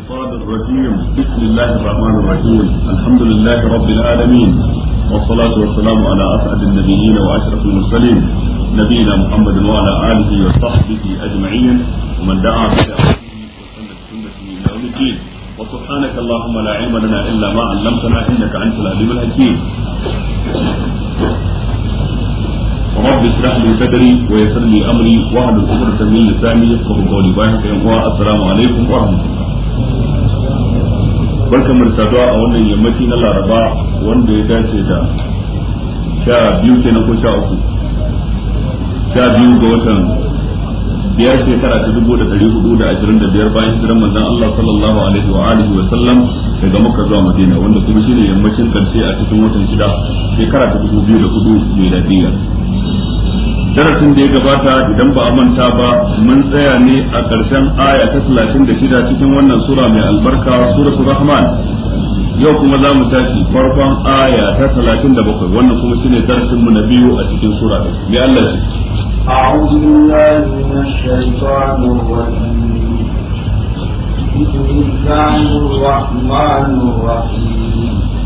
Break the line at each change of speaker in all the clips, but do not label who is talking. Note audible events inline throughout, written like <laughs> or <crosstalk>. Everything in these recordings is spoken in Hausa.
الشيطان الرجيم بسم الله الرحمن الرحيم الحمد لله رب العالمين والصلاة والسلام على أسعد النبيين وأشرف المرسلين نبينا محمد وعلى آله وصحبه أجمعين ومن دعا بدعوته وسنة سنته إلى يوم الدين وسبحانك اللهم لا علم لنا إلا ما علمتنا إنك أنت العليم الحكيم رب اشرح لي صدري ويسر لي امري واحلل عقدة من لساني يفقهوا قولي بارك يا السلام عليكم ورحمه الله barkan mu saduwa a wannan yammaci na laraba wanda ya dace da sha biyu na ko sha uku sha biyu ga watan biyar shekara ta dubu da dari hudu da ashirin da biyar bayan shirin manzon Allah sallallahu alaihi wa alihi wa sallam daga muka zuwa Madina wanda kuma shine yammacin karshe a cikin watan shida shekara ta dubu biyu da hudu miladiyya darasin da ya gabata idan ba a manta ba mun tsaya ne a ƙarshen aya ta shida cikin wannan sura mai albarka suratul rahman yau kuma za mu tashi farkon aya ta bakwai wannan kuma shine darasin mu na biyu a cikin sura mai Allah shi أعوذ بالله من الشيطان الرجيم بسم الله الرحمن الرحيم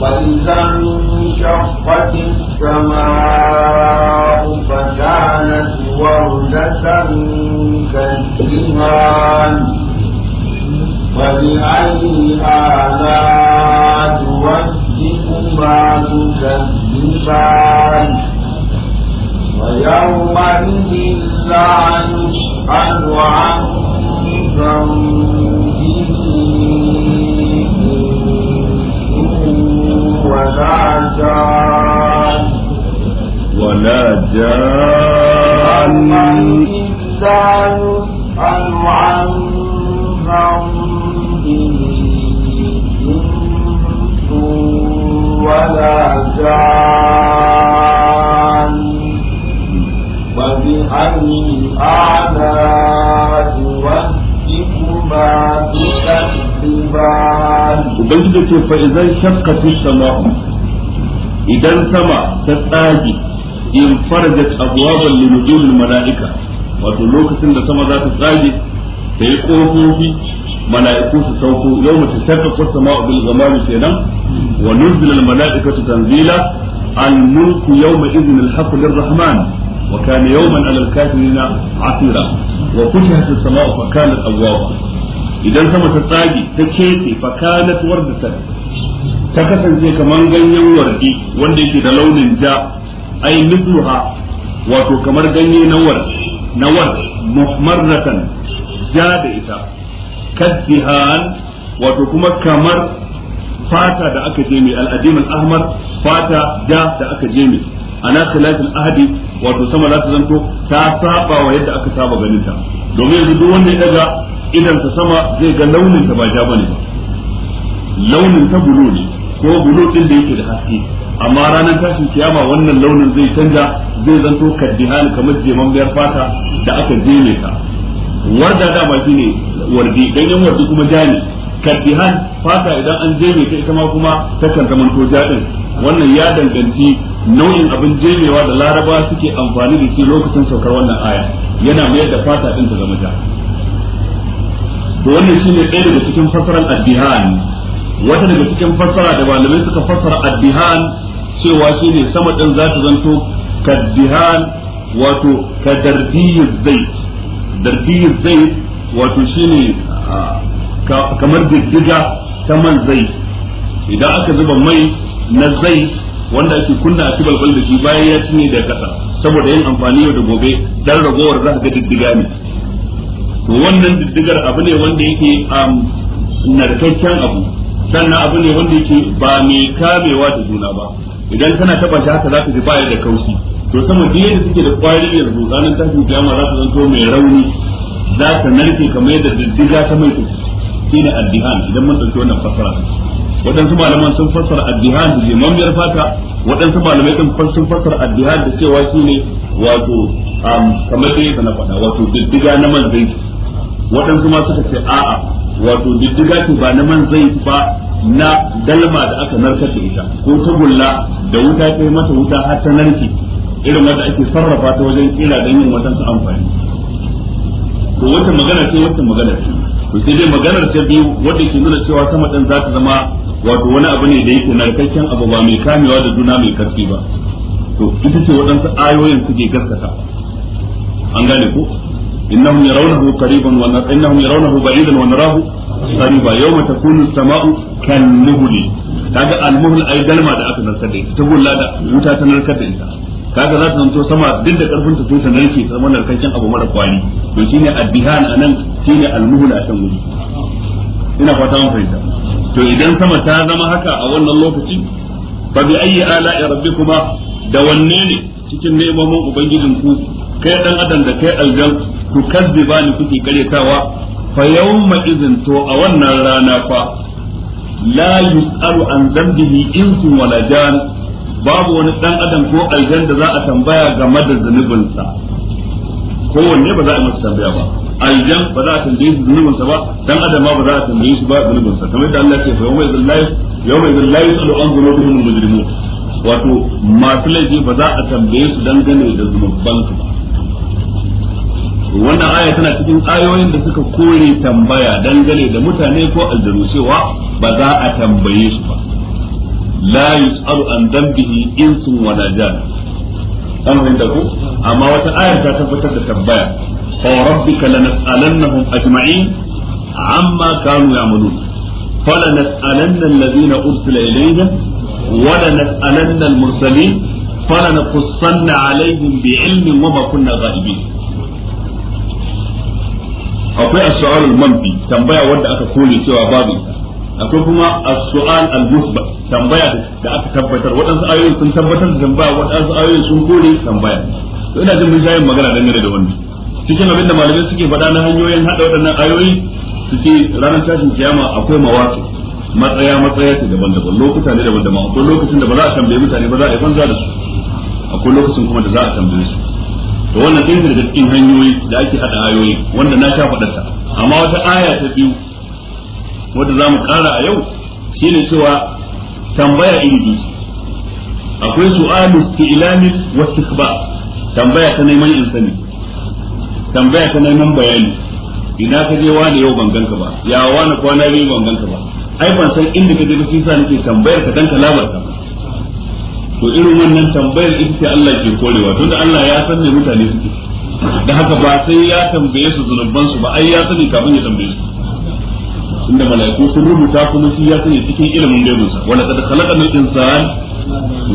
وإذا انشقت السماء فكانت وردة كالجهان فبأي آلاء ربكما تكذبان ويومئذ لا يسأل عن ذنبه ولا جان ولا جان إلا يسأل عن ذنبه إنس ولا جان فبأي آلاء ربكما تكذبان ubangiji ce fa idan shakka fi sama idan sama ta tsagi in farajat abwaban linujul malaika wato lokacin da sama za ta tsage ta yi kofofi mala'iku su sauko yau mace shakka ko sama bil zamani kenan wa nuzila al malaikatu tanzila al mulku yawma idhin al haqqu lirrahman وكان يوما wa الكافرين عسيرا وفتحت السماء فكانت ابوابا idan sama ta tsagi ta kece fa kanat wardatan ta kasance kamar ganyen wardi wanda yake da launin ja ai mithluha wato kamar ganye na war na war muhmarratan ja da ita kaddihan wato kuma kamar fata da aka je mai al'adim ahmar fata ja da aka je mai ana khilaf ahadi wato sama za ta zanto ta saba wa yadda aka saba ganin ta domin yanzu duk wanda ya daga idan ta sama zai ga launin ta ba ja bane launin ta bulu ne ko bulu din da yake da haske amma ranar tashin kiyama wannan launin zai canja zai zanto kaddihan kamar biyar fata da aka jeme ta warda dama shine wardi yan wardi kuma ja ne kaddihan fata idan an jeme ta ita ma kuma takan zamanto ja din wannan ya danganci nau'in abin jemewa da laraba suke amfani da shi lokacin saukar wannan aya yana mayar da fata din ta zama ja to wannan shine ɗaya daga cikin fasaran addihan wata daga cikin fasara da malamai suka fasara addihan cewa shine sama din za ta zanto kaddihan wato kadardiyyuz zait dardiyyuz zait wato shine kamar diddiga ta man zai idan aka zuba mai na zai wanda ake kunna a balbal da shi bayan ya cinye da kasa saboda yin amfani yau da gobe dan ragowar za ka ga diddiga ne to wannan diddigar abu ne wanda yake um, narkakken abu sannan abu ne wanda yake ba mai kamewa da juna ba idan kana taba shi haka za ka ji bayar da kausi. to sama duk yadda suke da kwari yanzu ranar tashin kiyama za ta zanto mai rauni za ta narke kamar yadda diddiga ta mai shi ne addihan idan mun ɗauki wannan fassara waɗansu malaman sun fassara addihan da jimammiyar fata waɗansu malamai ɗin sun fassara addihan da cewa shi ne wato um, kamar da yadda na faɗa wato diddiga na man zai waɗansu ma suka ce a'a wato diddiga ce ba na man zai ba na dalma da aka narkar da ita ko tagulla da wuta ta yi mata wuta har ta narke irin wanda ake sarrafa ta wajen kira don yin waɗansu amfani to wata magana ce wata magana ce to sai dai maganar ta biyu wanda ke nuna cewa sama ɗin za ta zama wato wani abu ne da yake narkakken abu ba mai kamewa da juna mai karfi ba to ita ce waɗansu ayoyin suke gaskata an gane ko إنهم يرونه قريبا وإنهم يرونه بعيدا ونراه قريبا يوم تكون السماء كالمهل kaga almuhul ai dalma da aka narkar da ita ta gulla da wuta ta ita kaga za ta zanto sama duk da karfin ta ta narke ta zama narkakken abu mara kwari to shine addihan anan shine almuhul a kan wuri ina fata mun fahimta to idan sama ta zama haka a wannan lokaci fa bi ayyi ala'i rabbikuma da wanne ne cikin neman ubangijin ku kai dan adam da kai aljan ku kazziba ni kuke karyatawa fa yawma idhin to a wannan rana fa la yus'alu an dhanbihi insun wala jan babu wani dan adam ko aljan da za a tambaya game da zunubinsa kowanne ba za a masa tambaya ba aljan ba za a tambaye su zunubinsa ba dan adam ba za a tambaye shi ba zunubinsa kamar yadda Allah ya ce fa yawma idhin la yawma idhin la yus'alu an dhunubihim al-mujrimun wato masu laifi ba za a tambaye su dangane da zunubansu ba wannan aya tana cikin ayoyin da suka kore tambaya dangane da mutane ko aljanu cewa ba za a tambaye su ba la yus'alu an dambihi insun wala jan an fahimta amma wata aya ta tabbatar da tambaya fa rabbika lanas'alannahum ajma'in amma kanu ya'malun fala nas'alanna alladhina ursila ilayhim wala nas'alanna al-mursalin fala naqussanna alaihim bi'ilmin wa ma kunna ghaibin akwai as-su'al al-manfi tambaya wanda aka kore cewa babu akwai kuma as-su'al al-musbat tambaya da aka tabbatar waɗansu ayoyin sun tabbatar da tambaya waɗansu ayoyin sun kore tambaya to ina jin mun yi magana dangane da wannan cikin abin da malamai suke faɗa na hanyoyin haɗa waɗannan ayoyi su ce ranar tashin kiyama akwai mawaki matsaya matsaya ce daban-daban lokuta ne daban-daban akwai lokacin da ba za a tambaye mutane ba za a yi banza da su akwai lokacin kuma da za a tambaye su da wannan ɗin daga cikin hanyoyi da ake haɗa ayoyi wanda na sha faɗarsa amma wata aya ta biyu wadda za mu ƙara a yau shine cewa tambaya inji akwai su'alu ilamin wa tikba tambaya ta neman insani tambaya ta neman bayani ina ka je wani yau ban ganka ba ya wani kwana biyu ban ganka ba ai ban san inda ka je ba shi yasa nake tambayar ka dan ka labarta ba to irin wannan tambayar ita ce Allah ke korewa da Allah ya san ne mutane suke da haka ba sai ya tambaye su zunuban su ba ai ya sani kafin ya tambaye su inda mala'iku sun rubuta kuma shi ya sani cikin ilimin gaibin sa wala qad khalaqna al-insan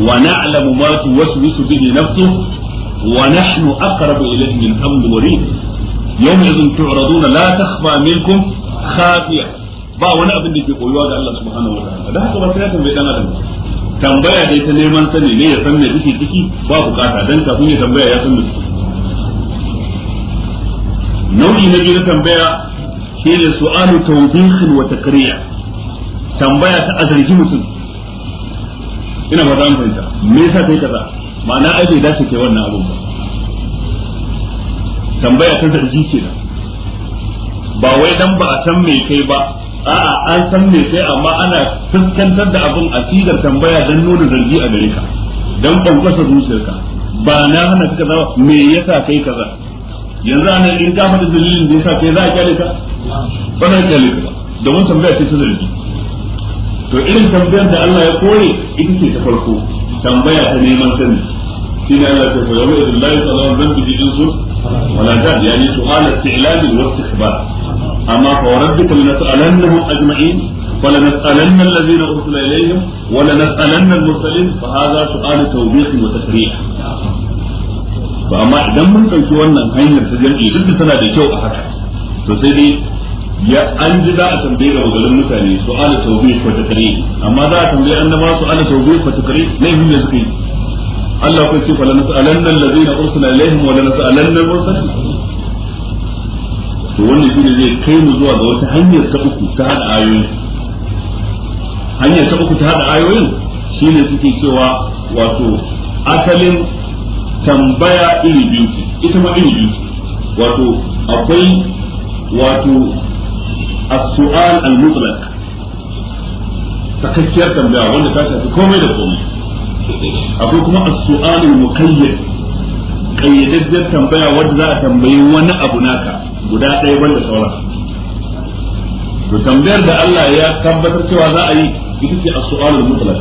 wa na'lamu ma tuwaswisu bihi nafsuhu wa nahnu aqrabu ilayhi min hablil warid yawma idhin tu'raduna la takhfa minkum khafiya ba wani abin da ke koyuwa ga Allah subhanahu wa ta'ala da haka ba sai ya tambaye dan adam tambaya dai ta neman sani ne ya san me ciki ciki ba bukata dan kafin ya tambaya ya san me ciki nau'i na biyu na tambaya shine su'alu tawbihin wa takriya tambaya ta azargi mutum ina ba za fahimta me yasa kai kaza ma'ana ai bai dace kai wannan abun ba tambaya ta zargi kenan ba wai dan ba a san me kai ba a'a an san me sai, amma ana fuskantar da abin a sigar tambaya dan nuna zargi a gare ka dan kwankwasa zuciyarka ba na hana ka kaza me yasa kai kaza yanzu ana in ka fada dalilin da yasa kai za a kyale ka ba na kyale ka da mun tambaya ce ta zargi to irin tambayar da Allah ya kore ita ce ta farko tambaya ta neman sani shi ne Allah ya ce fa yawma idan la yusalamu dhanbi bi jinsu wala dad yani su'al al-i'lal wa ba. أما فوربكم لنسألنهم أجمعين ولنسألن الذين أرسل إليهم ولنسألن المرسلين فهذا سؤال توبيخ وتكريع فأما إذا من تنسوا أن هين السجن إيه جد سنة لشوء حتى فسيدي يا أنجد أتنبيه وظلم نتاني سؤال توبيخ وتكريع أما ذا أتنبيه أنما سؤال توبيخ وتكريع ليه من يزكي الله قلت فلنسألن الذين أرسل إليهم ولنسألن المرسلين to wannan ne zai kai mu zuwa ga wata hanyar ta uku ta hada ayoyin hanyar ta uku ta hada ayoyin ne suke cewa wato asalin tambaya iri biyu ita ma iri biyu wato akwai wato as-su'al al-mutlaq takakkiyar tambaya wanda ta shafi komai da komai akwai kuma as-su'al al-muqayyad kayyadajjen tambaya wanda za a tambayi wani abu naka guda ɗaya banda sauran to tambayar da Allah ya tabbatar cewa za a yi ita ce as-su'alul mutlaq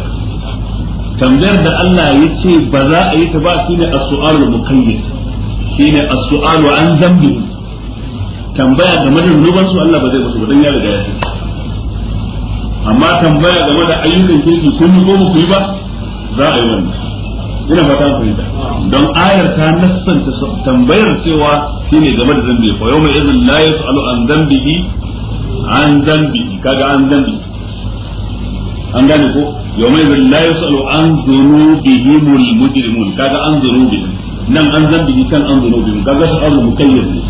tambayar da Allah ya ce ba za a yi ta ba shine as-su'alul muqayyad shine as-su'alu an zambi tambaya game da zunuban su Allah ba zai musu ba dan ya riga ya ce amma tambaya game da ayyukan kirki kun yi ko ku yi ba za a yi wannan ina fata an fahimta don ayar ta nassanta tambayar cewa ne game da zambi fa yawma izin la yasalu an zambihi an zambihi kaga an zambi an gane ko yawma izin la yasalu an dhunubihim al mujrimun kaga an dhunubihim nan an zambihi kan an dhunubihim kaga su azu mukayyad ne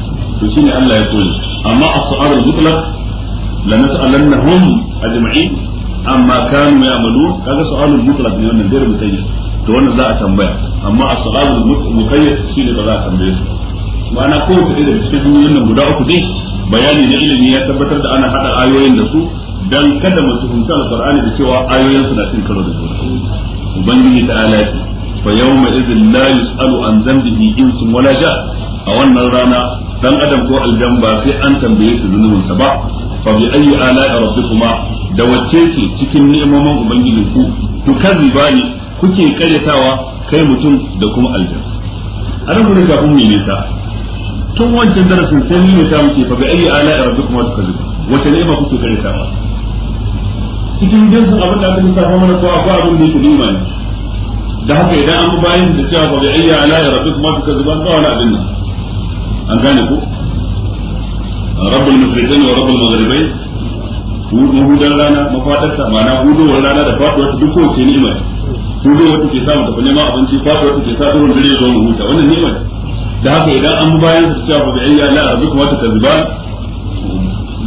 to shine Allah ya koyi amma as-su'al al-mutlaq lanas'alannahum ajma'in amma kanu ya'malun kaga su'alul mutlaq ne wannan gairu mukayyad to wannan za a tambaya amma a sualul muqayyad shi ne ba za a tambaye su ma'ana ko ta da cikin hanyoyin nan guda uku dai bayani na ilimi ya tabbatar da ana hada ayoyin da su dan kada mu fahimta al da cewa ayoyin su na cin karo da juna ubangiji ta'ala ya fa yawma idhin la yus'alu an dhanbihi insun wala ja a wannan rana dan adam ko aljan ba sai an tambaye su zunubinsa ba fa bi ayyi ala'i rabbikuma da wacce ce cikin ni'imomin ubangiji ku tukazziba ni kuke karyatawa kai mutum da kuma aljanna anan kuma kafin mu nisa tun wancan darasin sai mun nisa muke fa bi ayi ala rabbikum tukazzibu wace ne ba kuke karyatawa cikin jinsin abin da aka lissafa mana ko akwai abin da yake nima ne da haka idan an bayan da cewa fa bi ayi ala rabbikum tukazzibu ba wani abin nan an gane ku rabbul mashriqain wa rabbul maghribain hudan rana mafadarsa ma'ana hudowar rana da faduwar ta duk wace ni'ima ce hudowar ta ke sa mu tafi neman abinci faduwar ta ke sa duhun dare zo mu huta wannan ni'ima da haka idan an bayan su cewa bi ayya la rabbukum wa takziban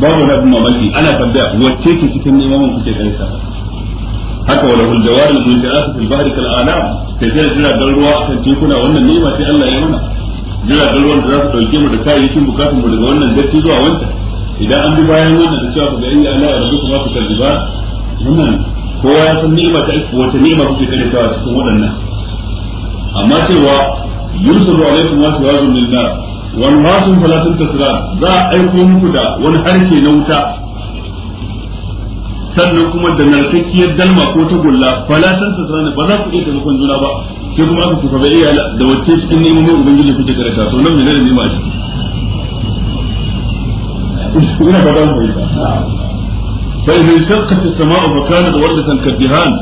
babu na bin mamaki ana tambaya wacce ke cikin neman mun kuke kai haka wala hul jawar al munjaat fil bahri kal alam tafiyar jiragen ruwa akan tekuna wannan ni'ima ce Allah ya mana jiragen ruwan da za su dauke mu da kayayyakin bukatun mu daga wannan gaci zuwa wancan idan an bi bayan wannan da cewa ga inda Allah ya rabu kuma ku kalli ba wannan kowa ya san ni'ima ta aiki wata ni'ima kuke kare ta cikin waɗannan amma cewa yusuf alaikum wa sawazun lil nar wal wasum fala tantasira za a aiko muku da wani harshe na wuta sannan kuma da narkakkiyar dalma ko ta gulla falatan ta tsara ba za ku iya taimakon juna ba sai kuma aka tufa bai iya da wacce cikin neman ubangiji kuke karanta to nan menene ne ma shi ina ba za mu yi fa idan shakkat as-sama'u fa kanat wardatan kadihan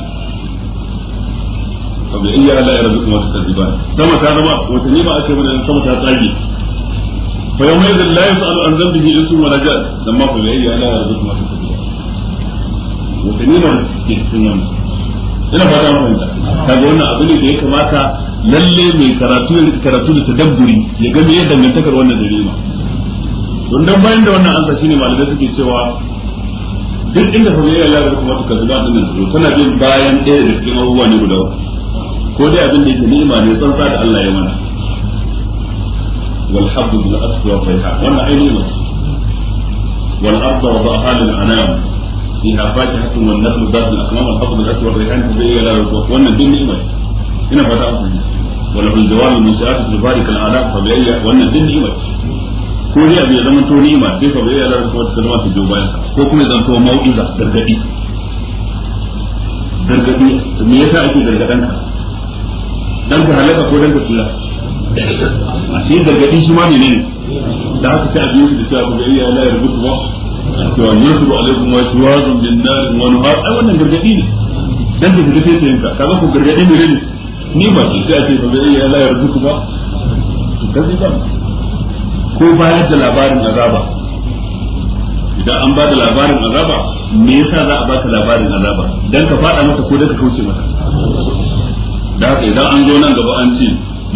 fa bi ayyi ala rabbikum tasdiban sama ta zama wata nima ake mana sama ta tsage fa yawma idhin la yus'alu an dhanbihi insun wa rajul amma fa bi ayyi ala rabbikum tasdiban wata nima ke cikin wannan ina fata mun fahimta kaga wannan abu ne da ya kamata lalle mai karatu da karatu da tadabburi ya ga me dangantakar wannan dalili don dan bayan da wannan ansa shine malamai suke cewa duk inda familiyar lafiya kuma suka zuba din nan tana bin bayan ɗaya da cikin abubuwa ne guda ko dai abin da yake ni'ima ne tsantsa da Allah ya mana wal habbu bil asfi wa fayha wannan ai ni'ima wal arda wa ba'hal al anam fiha fakihatun wan nakhlu dhat al akmam al habbu bil asfi wa rayhan tabayya la rubu wannan din ni'ima ina fata an sani wal jawami musa'at al barik al ala tabayya wannan din ni'ima ko dai abu ya zama to ni'ima sai fa bai ya lalata wata kalma ta biyo bayan ko kuma ya to mau'iza gargadi gargadi me yasa ake gargadan ka dan ka halaka ko dan ka tsira a shi gargadi shi ma menene da haka sai a shi da cewa ku ga iya la yarbutu ba cewa yusru alaikum wa shiwazun bin nar wa nuhar ai wannan gargadi ne dan da kake sai yanka kaga ku gargadi ne ne ni ba sai a ce ba zai iya la yarbutu ba to kaji ba ko bayar da labarin azaba idan an ba da labarin azaba me yasa za a ba ka labarin azaba dan ka fada maka ko da ka kauce maka. da haka idan an zo nan gaba an ce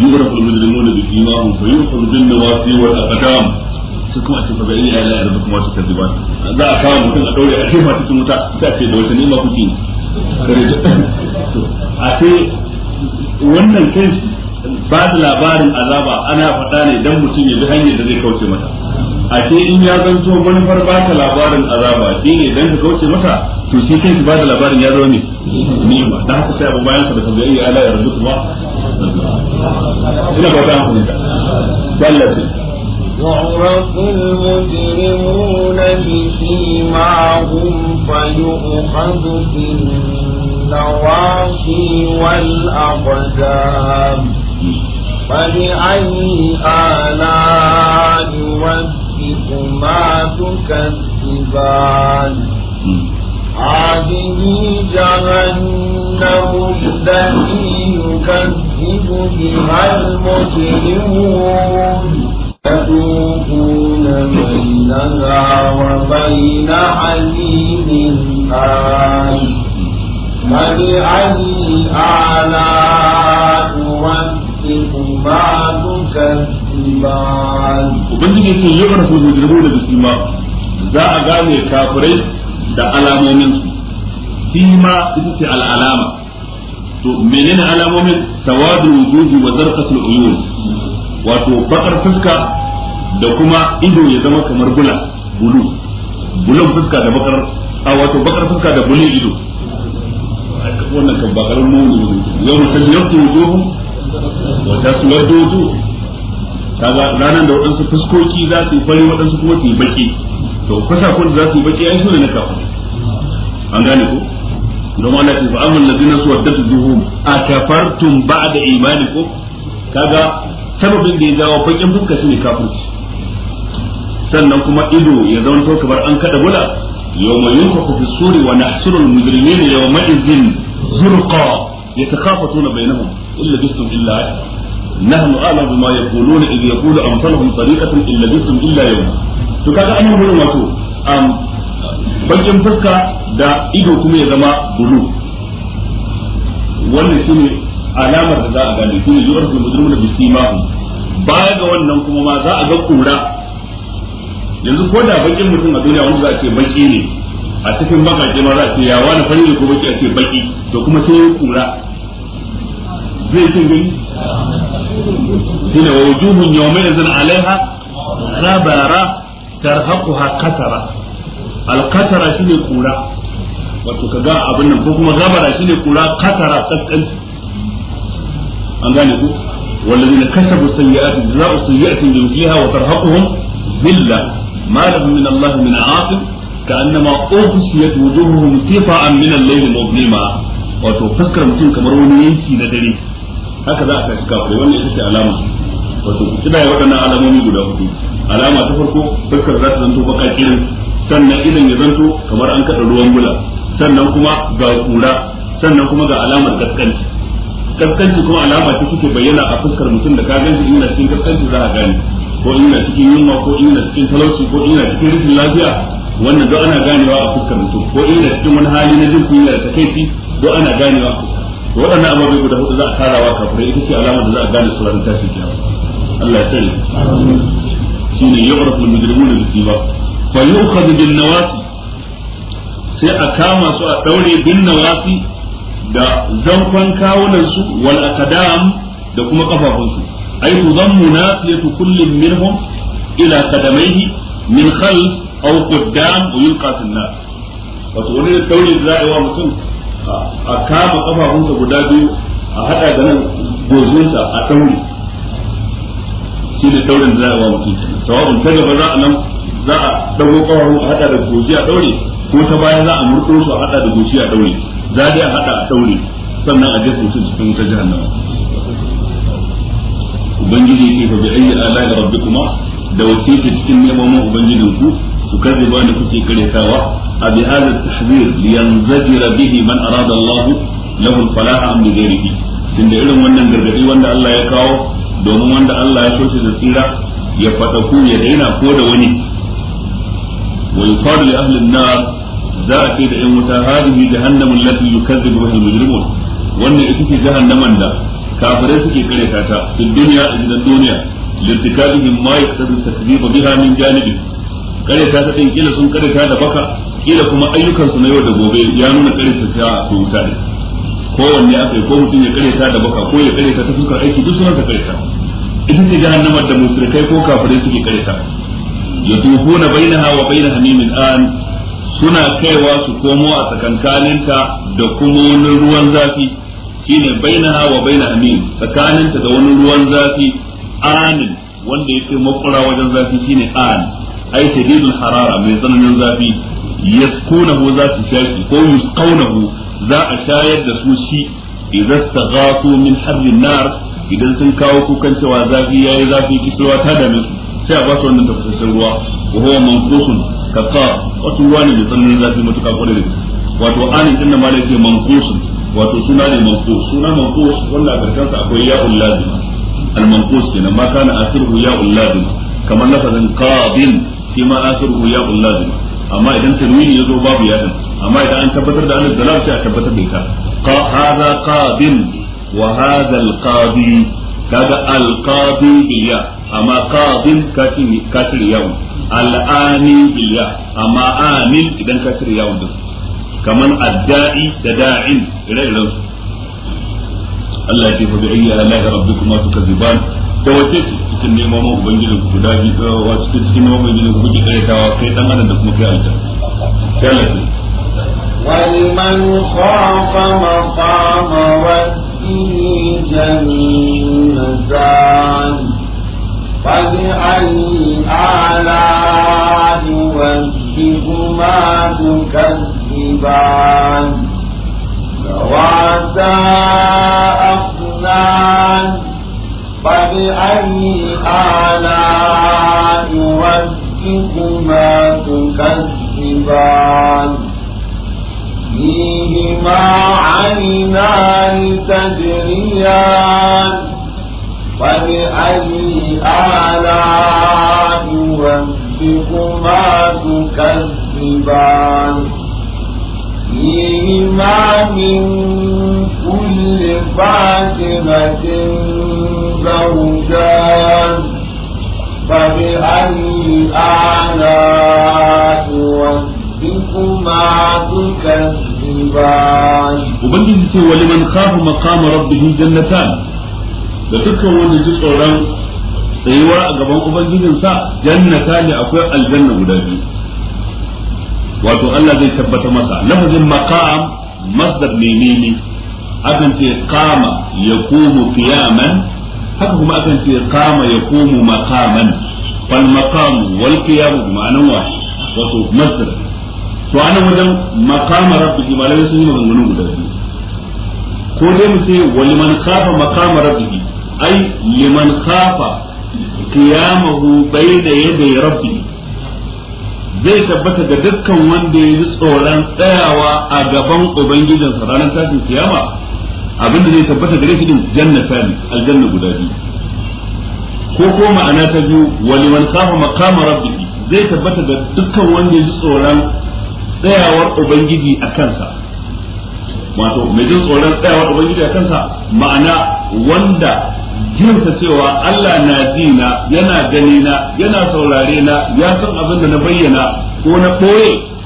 yurafu al-mujrimuna bi imamihim fa yurafu bil nawasi wal aqdam su kuma ce fabi ya ala da kuma su kazi za a kawo mutum a daure a jefa cikin wuta ta ce da wata nima kuke <laughs> a ce wannan kai ba su labarin azaba ana faɗa ne dan mutum ya bi hanyar da zai kauce mata a ce in ya zanto manufar ba ta labarin azaba shi ne dan ka kauce mata to shi ke ba da labarin ya zo ne ni'ima da haka sai abu bayan sa da kaga iya ala ya rubuta ba ina ba ta hankali da sallatin يعرف المجرمون بسيماهم فيؤخذ في النواصي والأقدام فبأي آلاء ربكما تكذبان هذه جهنم التي يكذب بها المجرمون يذوقون بينها وبين حميم آن فبأي آلاء ربكما yi تكذبان وبنجي يقول يعرف المجرمون بالسيما za a gane kafirai da alamominsu sima ita ce al'alama to menene alamomin tawadul wujuhi wa zarqatul uyun wato bakar fuska da kuma ido ya zama kamar bula bulu bulon fuska da bakar a wato bakar fuska da bulin ido wannan kan bakar mulu yau mutum yau wata su dozu kaga ranar da waɗansu fuskoki za su fari waɗansu kuma su yi baki to kusa kun za su yi baki ai su ne na kafin an gane ko don wani ce fa'amun na zina su wadda zuhu a kafartun ba da imani ko kaga sababin da ya jawo bakin fuska shi ne kafirci sannan kuma ido ya zamanto kamar an kada bula yawma yunfaku fi suri wa nahsurul mujrimina yawma idzin zurqa yatakhafatuna bainahum illa bisum illa nahnu a'lamu bima yaquluna idh yaqulu amsaluhum tariqatan illa bisum illa yawm to kaga an gurin wato am bakin fuska da ido kuma ya zama bulu wannan shine alamar da za a gane shine yu'rafu mujrimuna bisimahum baya ga wannan kuma ma za a ga kura yanzu ko da mutum a wanda za a ne a cikin ba bakake ma za a ce ya wani fari da kuma a ce baki to kuma sai kura zai cin gani shine wujuhun yawmin zan alaiha rabara tarhaquha qatara al qatara shine kura wato kaga abin nan ko kuma ghabara shine kura qatara kaskanci an gane ku والذين كسبوا السيئات جزاء سيئة يمسيها وترهقهم ذلة ما لهم من الله من عاقب كأنما أغشيت وجوههم قطعا من الليل مظلما wato fuskar mutum kamar wani yanki na dare haka za a tashi kafirai wannan ya ce alama wato kina yi waɗannan alamomi guda hudu alama ta farko fuskar za ta zanto baka kirin sannan idan ya zanto kamar an kaɗa ruwan gula sannan kuma ga kura sannan kuma ga alamar kaskanci kaskanci kuma alama ta suke bayyana a fuskar mutum da ka ganci ina cikin kaskanci za a gane ko ina cikin yunwa ko ina cikin talauci ko ina cikin rashin lafiya wannan duk ana ganewa a fuskar mutum ko in da cikin wani hali na jin kunya da takeici duk ana ganewa to waɗannan ababe guda hudu za a tarawa kafirai ita ce alamar da za a gane su ranar tashi kiyama Allah ya sani shine yu'rafu al-mujrimuna bi-siba fa yu'khadhu bin-nawasi sai a kama su a daure bin-nawasi da zanfan kawunan su wal aqdam da kuma kafafun su ay tudammu nasiyatu kullin minhum ila qadamayhi min khalf aw quddam wa yulqa fil nar wato wani tauri da za a yi wa mutum a kama kafafunsa guda biyu a hada da nan gozunsa a tauri shi ne taurin da za a yi wa mutum sawabin ta gaba za a nan za a dago kafafun a hada da goshi a daure ko ta baya za a murɗo su a hada da goshi a daure za dai a hada a daure sannan a jefa mutum cikin wutar jahannama ubangiji ya ce fa bi ayyi ala'i rabbikuma da wasiyyi cikin neman ubangijinku تكذبون كتي كريتاوا بهذا التحذير لينزجر به من أراد الله له الفلاح أم لغيره tunda irin wannan gargadi wanda Allah ya kawo domin wanda Allah ya soce da tsira ya ku ya daina ko da wani wa yuqalu li ahli an za a ce da yan wuta hadhihi jahannamu allati yukazzibu biha al-mujrimun wannan ita ce jahannaman da kafirai suke kare ta ta fi duniya a gidan duniya lirtikabihim ma yaktabu takdiba biha min janibi kare ta ta din kila sun kare ta da baka kila kuma ayyukansu na yau da gobe ya nuna kare ta ta su wuta ne kowanne aka yi ko mutum ya kare ta da baka ko ya kare ta ta fuskar aiki duk suna ta kare ta ita ce jahannamar da musulkai ko kafirai suke kare ta na hawa bai na hamimin an suna kaiwa su komo a tsakankaninta da kuma wani ruwan zafi shine bainaha wa bain hamim tsakaninta da wani ruwan zafi anin wanda yake makura wajen zafi shine an ai shadidul harara mai tsananin zafi yaskunahu za su shaki ko yusqawnahu za a shayar da su shi idan staghasu min harrin nar idan sun kawo kukan cewa zafi yayi zafi kisruwa ta dame su sai a ba su wannan tafasasshen ruwa wa huwa manqusun kaqa wato ruwa ne mai tsananin zafi matuƙa kwarai da wato anin din nan malai ce manqusun wato suna ne manqus suna manqus wanda a karshen sa akwai ya'ul ladin al manqus kenan ma kana asiru ya'ul ladin kamar lafazin qadin shi ma akhiruhu ya lazim amma idan tanwini yazo babu ya din amma idan an tabbatar da alif da sai a tabbatar da ita qa hadha qabil wa hadha alqadi kaga alqadi biya amma qadin katin katir yawm al'ani biya amma amin idan katir yawm din kaman adda'i da da'in Allah ya tafi da wace cikin neman mu ubangiji guda biyu eh, wa cikin cikin neman ubangiji ku kuke karyatawa kai dan adam da kuma kai aljanna sai Allah ولمن خاف مقام ربه جنتان فبأي آلاء ربكما تكذبان ذواتا أفنان فبأي آلاء ربكما تكذبان فيهما عينان تجريان فبأي آلاء ربكما تكذبان فيهما من كل فاكهة زوجان فبأي آلاء ربكما تكذبان وبنجد ولمن خاف مقام ربه جنتان da dukkan wanda tsoron tsayuwa a gaban ubangijinsa jannata ne akwai aljanna guda biyu wato Allah zai tabbata masa lafazin maqam masdar ne ne akan ce ya yaqumu qiyaman haka kuma akan ce kama ya komo makaman wal makamu wal qiyamu ma'anan wa wato masdar to anan wajen makama rabbihi ba lai sun yi maganganun guda biyu ko dai mu ce wa liman khafa makama rabbihi ai liman khafa qiyamahu bayna yaday rabbi? zai tabbata ga dukkan wanda ya yi tsoron tsayawa a gaban ubangijinsa ranar tashin kiyama abin da zai tabbata gare shi din tani aljanna guda biyu ko ko ma'ana ta biyu wani man kama maqama rabbihi zai tabbata da dukkan wanda ya ji tsayawar ubangiji a kansa wato mai jin tsoron tsayawar ubangiji a kansa ma'ana wanda jinsa cewa Allah na jina yana gani yana saurare na ya san abin da na bayyana ko na koye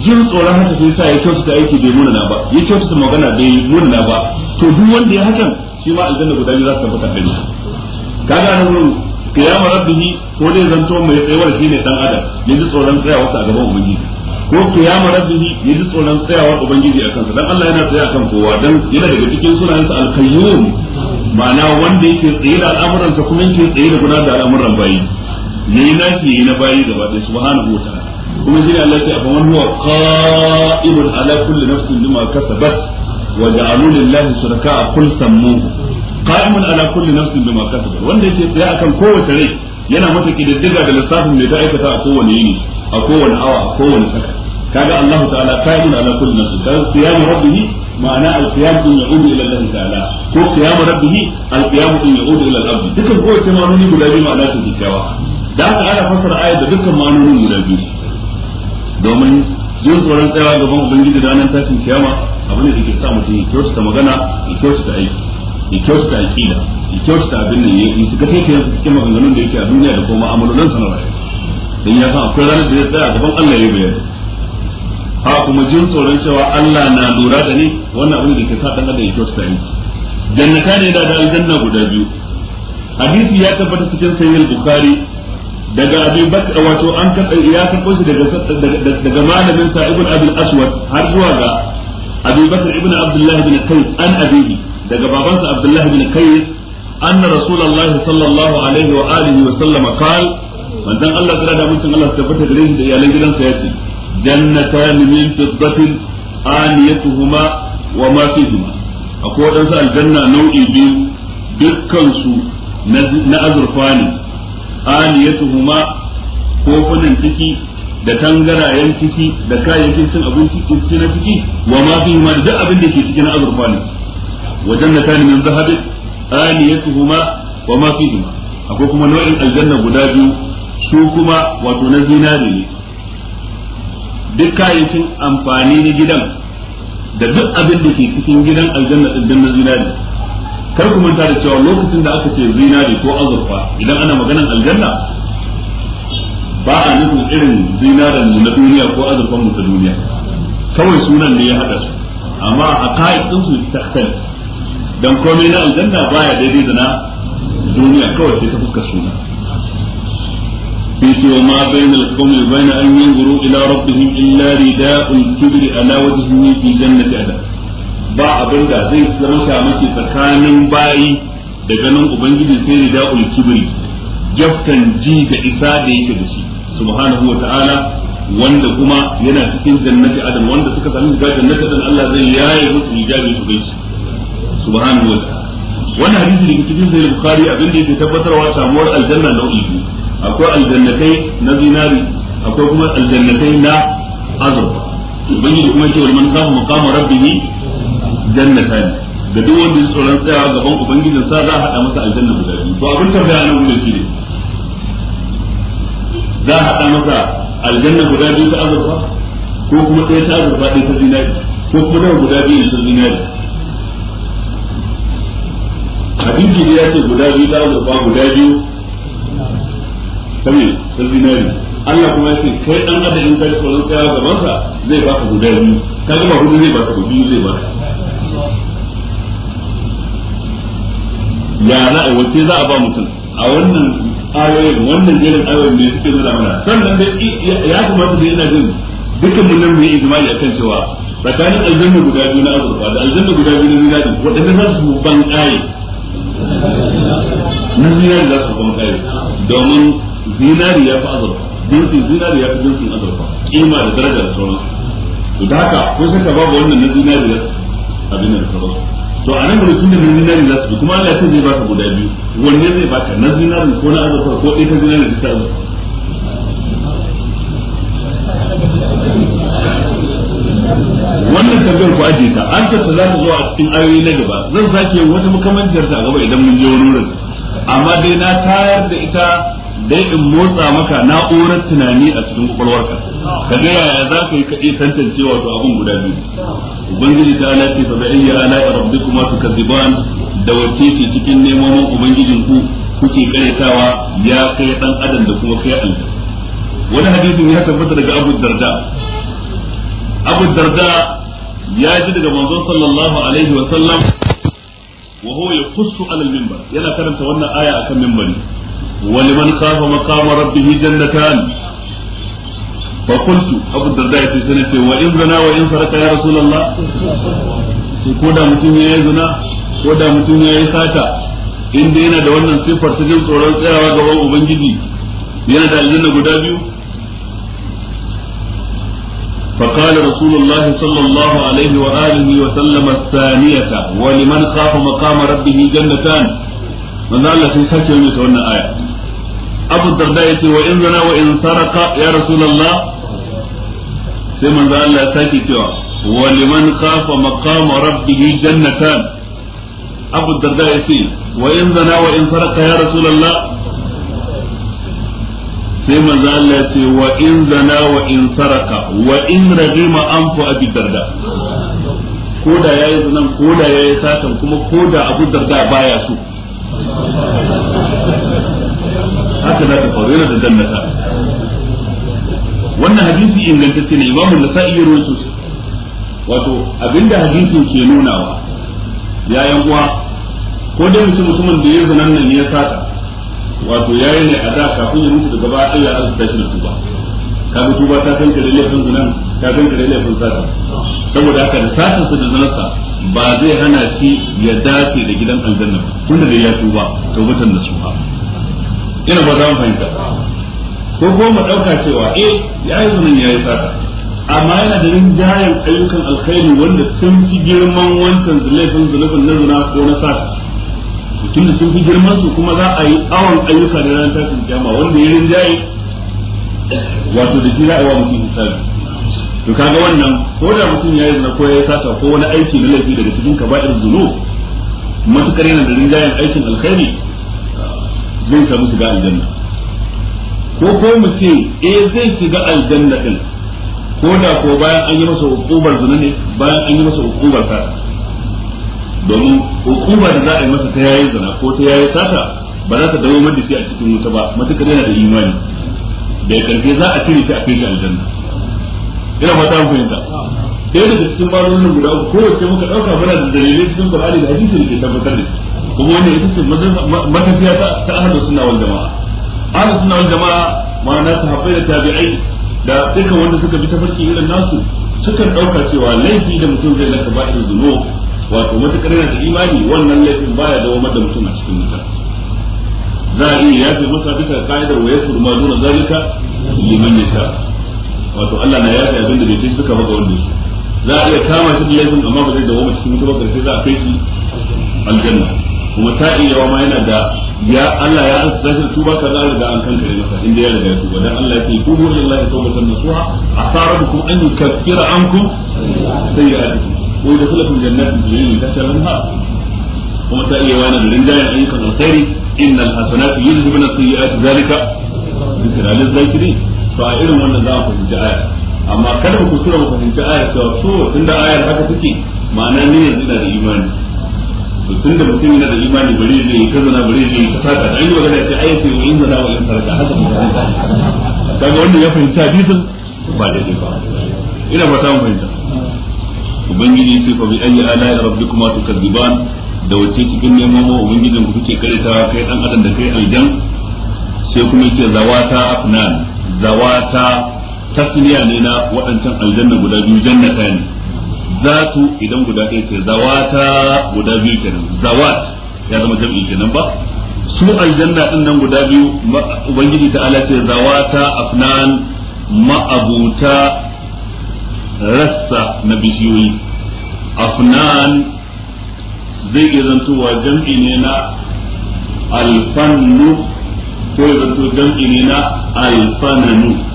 jin tsoron haka sai sa ya kyautata aiki bai munana ba ya kyautata magana bai munana ba to duk wanda ya hakan shi ma aljanna guda ne za su tabbata da shi kaga nan wurin kiyama rabbihi ko dai zanto mai tsayawar shi ne dan adam ya ji tsoron tsayawa a gaban ubangiji ko kiyama rabbihi ya ji tsoron tsayawa ubangiji a kansa dan Allah yana tsaye akan kowa dan yana daga cikin sunayensa al-qayyum ma'ana wanda yake tsaye da al'amuransa kuma yake tsaye da gudanar da al'amuran bayi yayi nashi yayi na bayi gaba ɗaya subhanahu wataala kuma shi ne Allah ya fa man huwa qa'ibun ala kulli nafsin bima kasabat wa ja'alu lillahi shuraka'a qul sammuhu qa'imun ala kulli nafsin bima kasabat wanda yake tsaye akan kowace rai yana mata kididdiga da lissafin da ta aikata a kowane yini a kowane awa a kowane saka kaga Allah ta'ala qa'imun ala kulli nafsin dan qiyamu rabbihi ma'ana al-qiyam din ya'udu ila Allah ta'ala ko qiyam rabbihi al-qiyam din ya'udu ila al-abd dukan kowace ma'anoni guda biyu ma'ana su kikkiawa da aka ana fassara ayat da dukkan ma'anonin guda biyu domin jin tsoron tsayawa gaban ubangiji da ranar tashin kiyama abin da ke sa mutum ya kyautata magana ya kyautata aiki ya kyautata aqida ya kyautata abin da ya yi suka ke cikin maganganun da yake a duniya da kuma amalolin sa na rayuwa dan ya san akwai ranar da ya tsaya gaban Allah ya bayar ha kuma jin tsoron cewa Allah na lura da ni wannan abin da ke sa dan adam ya kyautata aiki jannata ne da aljanna guda biyu hadisi ya tabbata cikin sahih bukhari daga abi bakr wato an ka ya karbo shi daga malamin sa ibn abul aswad har zuwa ga abi bakr ibn abdullah bin qais an abihi daga babansa abdullah ibn qais anna rasulullahi sallallahu alaihi wa alihi wa sallama qal manzon Allah tsara da mutun Allah ta tabbata gare shi da iyalan gidansa ya yace jannatan min fiddatin aniyatuhuma wa ma fihima akwai wadansu aljanna nau'i biyu dukkan su na azurfa ne aniyatuhuma kofunan ciki da tangarayen ciki da kayayyakin cin abinci ciki na ciki wa ma fi ma duk abin da ke cikin azurfa ne wa jannatan min zahabin aniyatuhuma wa ma fi ma akwai kuma nau'in aljanna guda biyu su kuma wato na zinari ne duk kayayyakin amfani na gidan da duk abin da ke cikin gidan aljanna din na zinari kar ku manta da cewa lokacin da aka ce zinari ko azurfa idan ana maganan aljanna ba a nufin irin zinaran mu na duniya ko azurfan mu ta duniya kawai sunan ne ya hada su amma a ka'idin su tahtal dan komai na aljanna baya daidai da na duniya kawai sai ta fuskar suna فيه وما بين القوم وبين أن ينظروا إلى ربهم إلا رداء الكبر على وجهه fi جنة أدم ba abin da zai zama shamaki tsakanin bayi da ganin ubangiji sai da da'ul kibri jaftan ji da isa da yake da shi subhanahu wa ta'ala wanda kuma yana cikin jannati adam wanda suka sami shiga jannati dan Allah zai yaye musu hijabi su gaishe subhanahu wa ta'ala wannan hadisi da cikin sahih bukhari abin da yake tabbatarwa samuwar aljanna nau'i biyu akwai aljannatai na zinari akwai kuma aljannatai na azurfa ubangiji kuma ce wal man qama maqama rabbihi jannatan ga duk wanda ya tsoron tsayawa gaban ubangijin sa za a hada masa aljanna guda biyu to abin tambaya nan guda shi ne za a hada masa aljanna guda biyu ta azurfa ko kuma ɗaya ta azurfa ɗaya ta zinari ko kuma nawa guda biyu ta zinari hadisi ne ya ce guda biyu ta azurfa guda biyu ta me ta zinari Allah kuma ya ce kai dan adam in kai tsoron tsayawa gaban sa zai baka guda biyu kaga ba hudu zai ba ta biyu zai ba ya za a wace za a ba mutum a wannan ayoyin wannan jerin ayoyin ne suke nuna mana sannan da ya kamata da yana jin dukkan mun nan mu yi ijma'i akan cewa tsakanin aljanna guda biyu na azurfa da aljanna guda biyu na zinari waɗanda za su ban ƙaye na zinari za su ban ƙaye domin zinari ya fi azurfa dinsin zinari ya fi dinsin azurfa kima da darajar sauransu to haka ko ka babu wannan na zina za su abin da ba to a nan gudu tun da na biyar za su kuma Allah ya zai baka guda biyu wanne zai baka na biyar ko na azurfa ko ɗaya ta zina da ta wannan tambayar ku ajiye ta an ta za ta zo a cikin ayoyi na gaba zan sake wata makamantar ta a gaba idan mun je wurin amma dai na tayar da ita dai in motsa maka na'urar tunani a cikin kwakwalwarka ka ga yaya za ka yi kaɗe tantance wato abin guda biyu ubangiji ta ala ce fa bi ayyi ala su tukazziban da wace ce cikin neman ubangijin ku kuke karyatawa ya kai dan adam da kuma kai aljanna wani hadisin ya tabbata daga Abu Darda Abu Darda ya ji daga manzon sallallahu alaihi wa sallam wa huwa yaqussu ala al-minbar yana karanta wannan aya akan minbari ولمن خاف مقام ربه جنتان فقلت ابو الدرداء في سنته وان زنا وان سرق يا رسول الله كودا متين يا زنا كودا متين يا ساتا in da yana da wannan siffar cikin tsoron tsayawa gaban ubangiji yana da aljanna guda biyu fa qala rasulullahi sallallahu alaihi wa alihi wa sallam as-saniyata wa liman khafa maqama rabbih jannatan manzo Allah sai sace mai ta wannan aya abu darda ce, wa in zana wa in saraka ya rasulullah sai manzo Allah ya sake cewa wa liman khafa maqama rabbih jannatan abu darda ce, wa in zana wa in saraka ya rasulullah sai manzo Allah ya ce wa in zana wa in saraka wa in ragima anfu abi darda ko da yayi zanan koda da yayi satan kuma ko da abu darda baya so haka za ta faru yana da jannata wannan hadisi ingantacce ne imamu sa'i ya rusu wato abinda hadisin ke nunawa yayan uwa ko dai mutum mutumin da ya zanen nan ya sata wato yi ne a da kafin ya mutu da gaba ya arzuta shi da tuba kaga tuba ta san kare laifin zanen ta san kare laifin sata saboda haka da satan sa da zanarsa ba zai hana shi ya dace da gidan aljanna ba tunda da ya tuba tawbatan nasuha ina ba za mu fahimta ko ko mu dauka cewa eh ya yi zunin ya yi sata amma yana da rinjayen ayyukan alkhairi wanda sun fi girman wancan zulafin zulafin na zina ko na sata mutum da sun fi girman su kuma za a yi awon ayyuka da ranar tashin kiyama wanda ya jayi wato da shi za a yi wa mutum hisabi to kaga wannan ko da mutum ya yi zina ko ya yi sata ko wani aiki na laifi daga cikin kaba'ir zulu matukar yana da rinjayen aikin alkhairi zai samu shiga aljanna ko ko mu ce eh zai shiga aljanna din ko da ko bayan an yi masa hukumar zina ne bayan an yi masa hukumar ta domin hukumar da za a yi masa ta yayi zina ko ta yayi sata ba za ta dawo da shi a cikin wuta ba matukar yana da imani da ya karfe za a cire ta a kai shi aljanna ina ta mun fahimta ɗaya da cikin malolin guda uku kowace muka ɗauka muna da dalilai cikin Qur'ani da hadisi da ke tabbatar da shi kuma wanda ita ce matafiya ta ahlus suna wal jamaa ahlus suna wal jamaa ma'ana haɓe da tabi'ai da dukkan wanda suka bi tafarki irin nasu sukan ɗauka cewa laifi da mutum zai laka ba irin zuno wato matuƙar yana da imani wannan laifin baya da wamar da mutum a cikin mutum. za a iya yafe masa bisa ka'idar wa ya ma nuna zalika liman sha wato Allah na yafe abinda bai ce suka ba ga wanda su za a iya kama shi da laifin amma ba zai dawo cikin wuta ba karshe za a kai shi aljanna kuma ta iya ma yana da ya Allah ya ansa shi tuba kaza an riga an kankare masa inda ya riga ya tuba dan Allah yake tubu lillahi tawbatan nasuha kuma an an ku yukaffira ankum sayyi'atikum wa yadkhulukum jannatin tajri min tahtiha al-anhar kuma ta iya wani da rinjayen ayyukan alkhairi innal hasanatu yuzhibuna sayyi'ati zalika zikra lil-zakirin to a irin wannan za a fahimci aya amma kada ku kusura ku fahimci ayar cewa so tunda ayar haka take ma'ana ne yanzu da imani to tunda mutum yana da imani bari zai yi kazana bari zai yi fasaka an yi magana ce ayar sai yi in zana wa in sarka haka ku fahimta kaga wanda ya fahimci hadisin ba da ba ina ba ta fahimta ubangiji sai fa bi ayi ala rabbikuma tukadiban da wace cikin neman ma ubangijin ku kuke ta kai dan adam da kai aljan sai kuma yake zawata afnan zawata tasniya ne na waɗancan aljanna guda biyu jannata ne su idan guda ɗaya ce zawata guda biyu kenan zawat ya zama jam'i kenan ba su aljanna ɗin nan guda biyu ubangiji ta ala ce zawata afnan ma'abuta rassa na bishiyoyi afnan zai iya zantowa jam'i ne na alfannu ko ya zanto jam'i ne na alfananu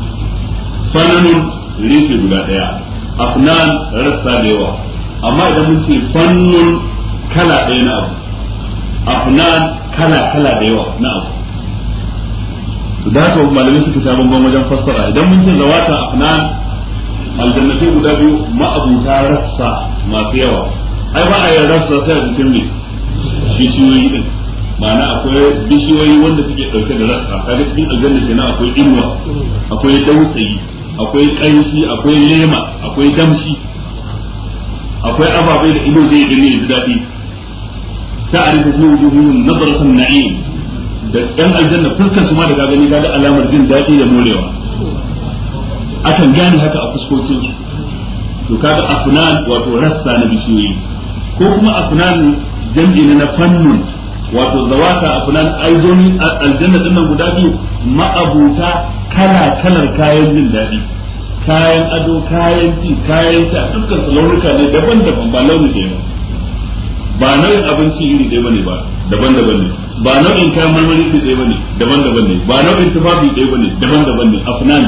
Fannin rishi guda daya afnan rassa da yawa amma idan mun ce fannin kala daya na abu afnan kala kala da yawa na abu da haka malamai suka sha bambam wajen fassara idan mun ce zawata afnan aljannatai guda biyu ma'abuta rassa masu yawa ai ba a yi rassa sai a cikin mai bishiyoyi din ma'ana akwai bishiyoyi wanda suke dauke da rassa kaga cikin aljanna kenan akwai inuwa akwai dausayi akwai ƙanshi akwai lema akwai damshi akwai ababai da ido zai gani da dadi ta a rufe na wujuhun nazaratun na'im da dan aljanna fuskar su ma da gani ga da alamar jin daɗi da morewa akan gane haka a fuskokin su to kaga afnan wato rassa na bishiyoyi ko kuma afnan jam'i na fannun wato zawata afnan aizoni aljanna dinnan guda biyu ma'abuta kala kalar kayan jin daɗi kayan ado kayan ci kayan ta dukkan su launuka ne daban-daban ba launi ɗaya ba ba nau'in abinci iri ɗaya bane ba daban-daban ne ba nau'in kayan marmari iri ɗaya bane daban-daban ne ba nau'in tufafi ɗaya bane daban-daban ne afnan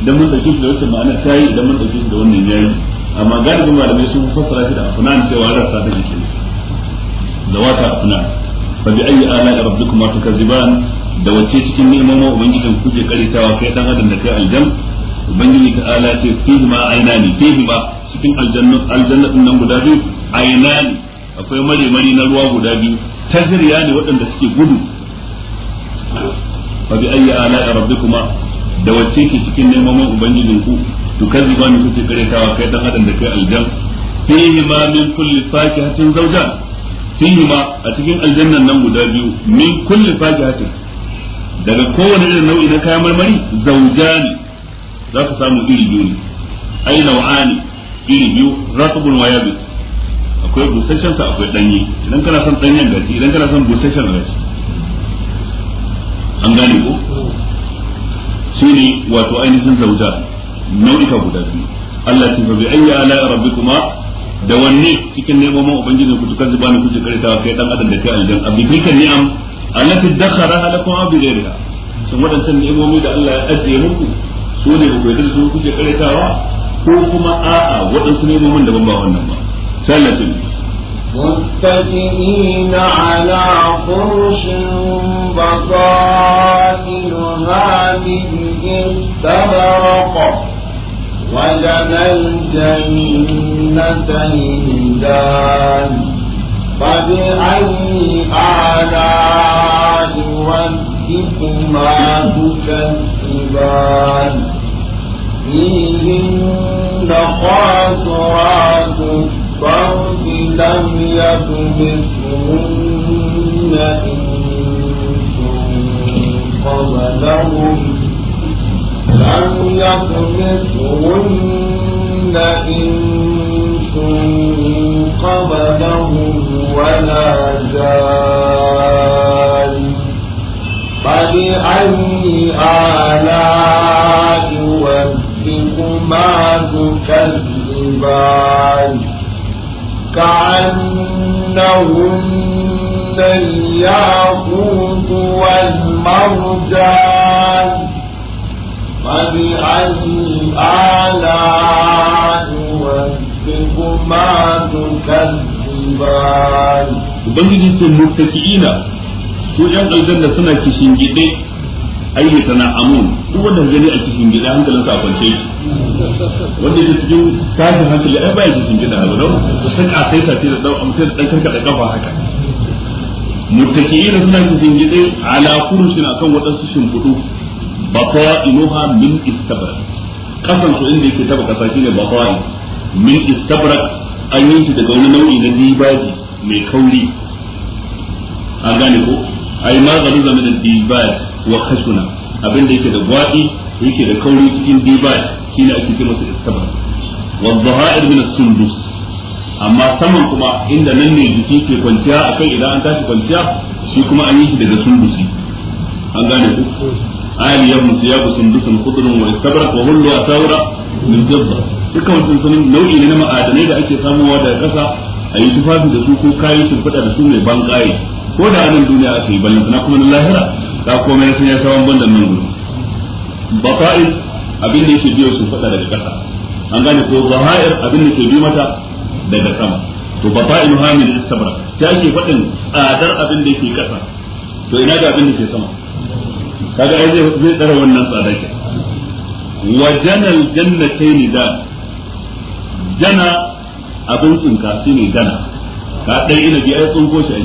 idan mun dauke shi da wata ma'ana ta yi idan mun dauke shi da wannan yayi amma galibin malamai sun fassara shi da afnan cewa rasa ta jiki ne zawata afnan fa bi ayi ala rabbikum ma tukazziban da wace cikin ni'imomin ubangijin kuke karitawa kai dan adam da kai aljan ubangiji ta ala ce fihi ma ainani fihi ba cikin aljannu aljanna nan guda biyu ainani akwai mare mari na ruwa guda biyu tajriya ne waɗanda suke gudu fa bi ayi ala rabbikuma da wace ke cikin neman ubangiji ku to kazi ba ni kuke karitawa kai dan adam da kai aljan fihi ma min kulli fakihatin zawjan fihima a cikin aljannan nan guda biyu min kulli fajihatin daga kowane irin nau'i na kayan marmari zaujani za ka samu iri biyu ne ai nau'ani iri biyu za su wa yabi akwai busasshen sa akwai danye idan kana son danyen gaci idan kana son busasshen gashi an gane ko shine wato ainihin zauja nau'ika guda biyu Allah ya tafi bi ayyi ala rabbikuma da wanne cikin neman ubangiji ku tukar zuba zubana kuke karitawa kai dan adam da kai aljan abdi tilkan ni'am allati dakhara lakum abi ghayriha sun wadancan ni'imomi da Allah ya ajiye muku su ne ku yarda su kuke karitawa ko kuma a'a wadansu neman da ban ba wannan ba sallatin متكئين على فرش بصائرها من استبرق وجنى الجنة جنتيهما فبأي آلاء ربكما تكذبان فيهن قاصرات الطرف لم يطمثهن إنس قبلهم لم يطمثهن إنس قبلهم ولا جان فبأي آلاء ربكما تكذبان كأنهن الياقوت والمرجان فبأي آلاء ربكما ربكما تكذبان ubangiji ce muttaki'ina su yan aljanna suna kishin gide ayi tana amun duk wanda gani a kishin gida hankalin sa kwance shi wanda yake cikin tashin hankali ai baya kishin gida ba don su saka sai ta ce da dan amsar dan karka da kafa haka muttaki'ina suna kishin gide ala furushin akan wadansu shimfudu ba fa inuha min istabar kasan su inda yake taba kasa shine ba fa min istabrak an yi shi daga wani nau'i na dibaji mai kauri an gane ko ai ma garu zama da dibaj wa khashuna abin da yake da gwadi yake da kauri cikin shi ne ake ce masa istabrak wa dhahair min as-sundus amma saman kuma inda nan ne jiki ke kwanciya akai idan an tashi kwanciya shi kuma an yi shi daga sundusi an gane ko aliyahum siyabu sundusun khudrun wa istabrak wa hullu asawra min fidda dukkan wannan sunan nau'i ne na ma'adanai da ake samuwa daga ƙasa. a yi tufafi da su ko kayan shimfiɗa da su mai ban ƙaye ko da anan duniya aka yi balin na kuma na lahira ta komai sun ya sawan da nan gudu basa'ir abin da yake biyo su faɗa daga ƙasa an gane ko zaha'ir abin da ke bi mata daga sama to basa'ir hamil istabra ta ake faɗin tsadar abin da yake ƙasa to ina ga abin da ke sama kaga ai zai tsara wannan tsada wa janal ni da jana abin tsinka shine jana ka dai ina bi ai tsinko shi ai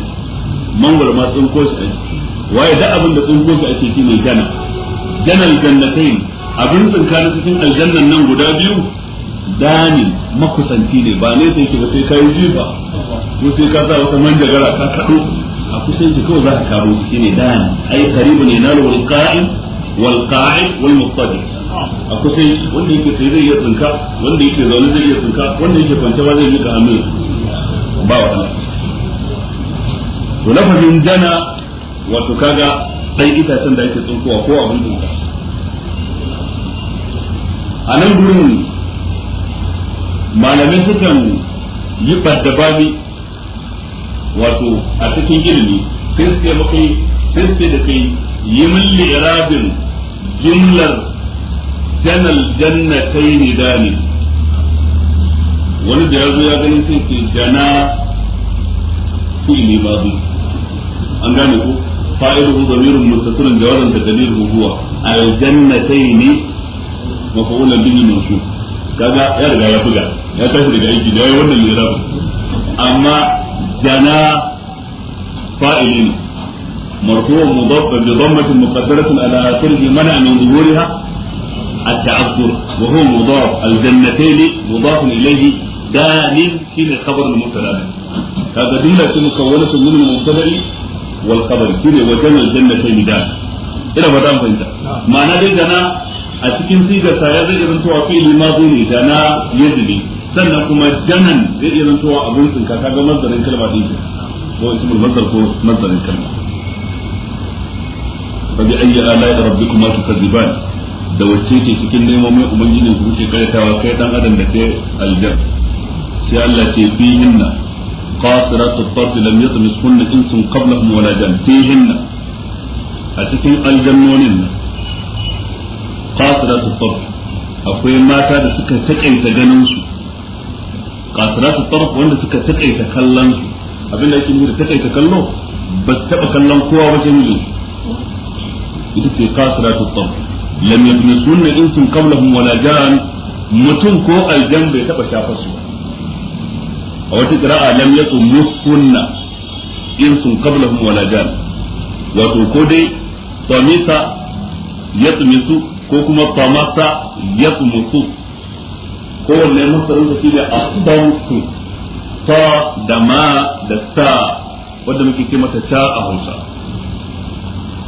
mangwara ma tsinko shi ai waye da abin da tsinko shi ake shine jana janal jannatayn abin tsinka na cikin aljannan nan guda biyu dani makusanci ne ba ne sai ba sai kai jifa ko sai ka sa wata manjagara ka kado a kusanci kawai za ka karo shi ne dani ai qaribu ne na wal qa'im wal qa'id wal muqtadi a kusanci wanda yake sai zai iya tsinka wanda yake zaune zai iya tsinka wanda yake kwance ba zai yi ka hannu ba wa to lafazin dana wato kaga dai itacen da ake tsinkowa ko abin dinka a nan gurin malamai sukan yi baddabami wato a cikin ilimi sai su maka sai su da kai yi min li'irabin jumlar janar jannatai ne dani wani da ya zo ya gani sai ce jana ba mazi an gane ko fa'iluhu zamirun mustatirun jawaban tadliluhu huwa mafi jannatayn mafa'ulan mai mansub kaga ya riga ya buga ya tashi daga aiki da yayi wannan lirabu amma jana fa'ilin مرفوع مضاف بضمة مقدرة على آخره منع من ظهورها التعذر وهو مضاف الجنتين مضاف إليه دان كين خبر المتلازم هذا جملة مكونة من المبتدأ والخبر كين وجن الجنتين دان إلى ما دام فهمت معنى ذلك a cikin sigar sa ya zai zantowa fi'ili maduni da na yazili sannan kuma janan zai iya a abin ka kaga mazarin kalma din shi ko ismul mazar ko mazarin kalma fa bi ayyi ala'i rabbikuma tukadziban da wacce ke cikin nemomin ubangijin ku kuke karatawa kai dan adam da kai aljan sai Allah ce fihinna qasiratu tarf lam yatmis yatmiskunna insun qablahum wala jan fi hinna a cikin aljannonin nan qasiratu tarf akwai mata da suka taƙaita ganin su qasiratu tarf wanda suka takaita kallon su abinda yake nufi da takaita kallo ba su taba kallon kowa ba sai mijin ita ce qasiratu tarf lam yatmisunna insun qablahum wala jan mutum ko aljan bai taba shafa su a wata qira'a lam yatmusunna insun qablahum wala jan wato ko dai tsamisa ya tsamisu ko kuma famasa yakmusu ko wanne masarar da a asbautu ta da ma da ta wadda muke ce mata ta a Hausa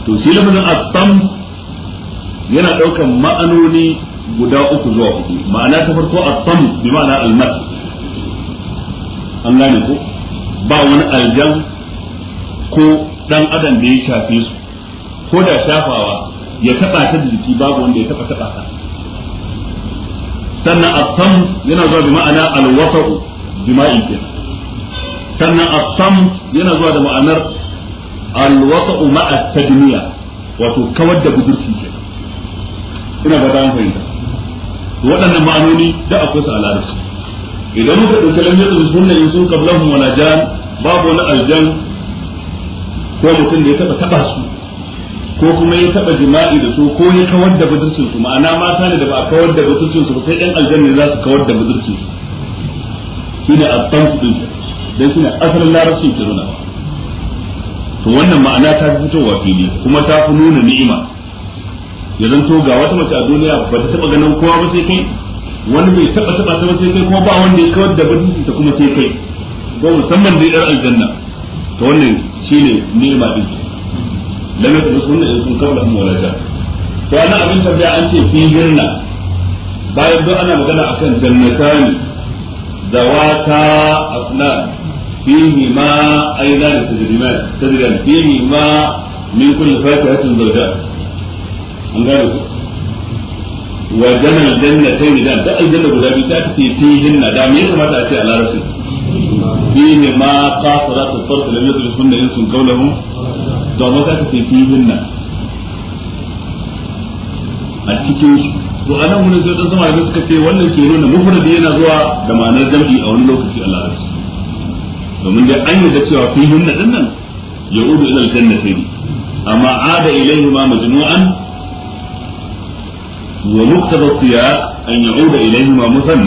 to shi lafazin asbam yana daukan ma'anoni guda uku zuwa hudu ma'ana ta farko asbam bi ma'ana almas an gane ko ba wani aljan ko dan adam da ya shafe su ko da shafawa ya taba ta jiki babu wanda ya taba taba ta sannan asam yana zuwa da ma'ana alwasa'u jima'i kenan sannan asam yana zuwa da ma'anar alwasa'u ma'a tadmiya wato kawar da budurci kenan ina ba ta fahimta waɗannan ma'anoni da akwai su a larabci idan muka ɗauki lamirin sunna yin sun kablan mu wala jan babu wani aljan ko mutum da ya taɓa taba su ko kuma ya taba jima'i da su ko ya kawar da budurcin su ma'ana mata ne da ba a kawar da budurcin su sai ɗan aljanna za su kawar da budurcin su shine addan din dan shine asalin larabcin ke nuna to wannan ma'ana ta fitowa fili kuma ta fi nuna ni'ima ya zanto ga wata mace a duniya ba ta taba ganin kowa ba sai kai wani bai taba taba ta sai kai kuma ba wanda ya kawar da budurcin ta kuma sai kai ko musamman da yar aljanna to wannan shine ni'ima din lam yakun sunna in sun kabla hum wala ja to ana abin tabbaya an ce fi girna bayan duk ana magana akan jannatani zawata asnan fihi ma aynan tadriman tadriman fihi ma min kulli fakihatin zawjat an gano gane ku wa jannal jannatayn da aljanna guda biyu ta ce fihi na da me ya kamata a ce a larabci fihi ma qasarat al-farq lam yadrusunna insun qawluhum to amma ka ce fihin nan a cikin su to anan mun sai dan sama da suka ce wannan ke nuna mufrad yana zuwa da ma'anar jam'i a wani lokaci a larabci domin dai an yarda cewa fihin nan nan yaudu ila al amma wa an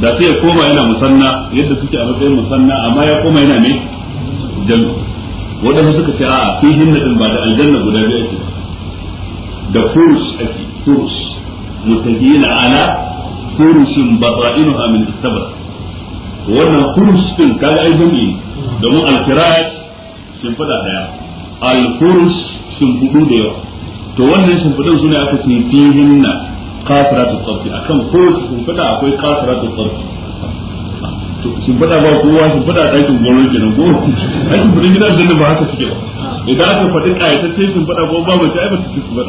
da sai ya koma yana musanna yadda suke a matsayin musanna amma ya koma yana mai jami wadanda suka ce a fi hinna din ba da aljanna guda biyu ake da furus ake furus mutahina ala furushin batainuha min tabar wannan furus din kaga ai jami domin alfirash sun fada daya alfurus sun fudu da yawa to wannan sun fudan suna aka ce fi hinna qasiratul qabti akan sun shimfiɗa akwai qasiratul qabti shimfiɗa ba kowa shimfiɗa ɗakin gwamnati kenan ko ai shimfiɗin gidan da ba haka suke ba idan aka faɗi sun shimfiɗa ko ba mace ai ba su shimfiɗa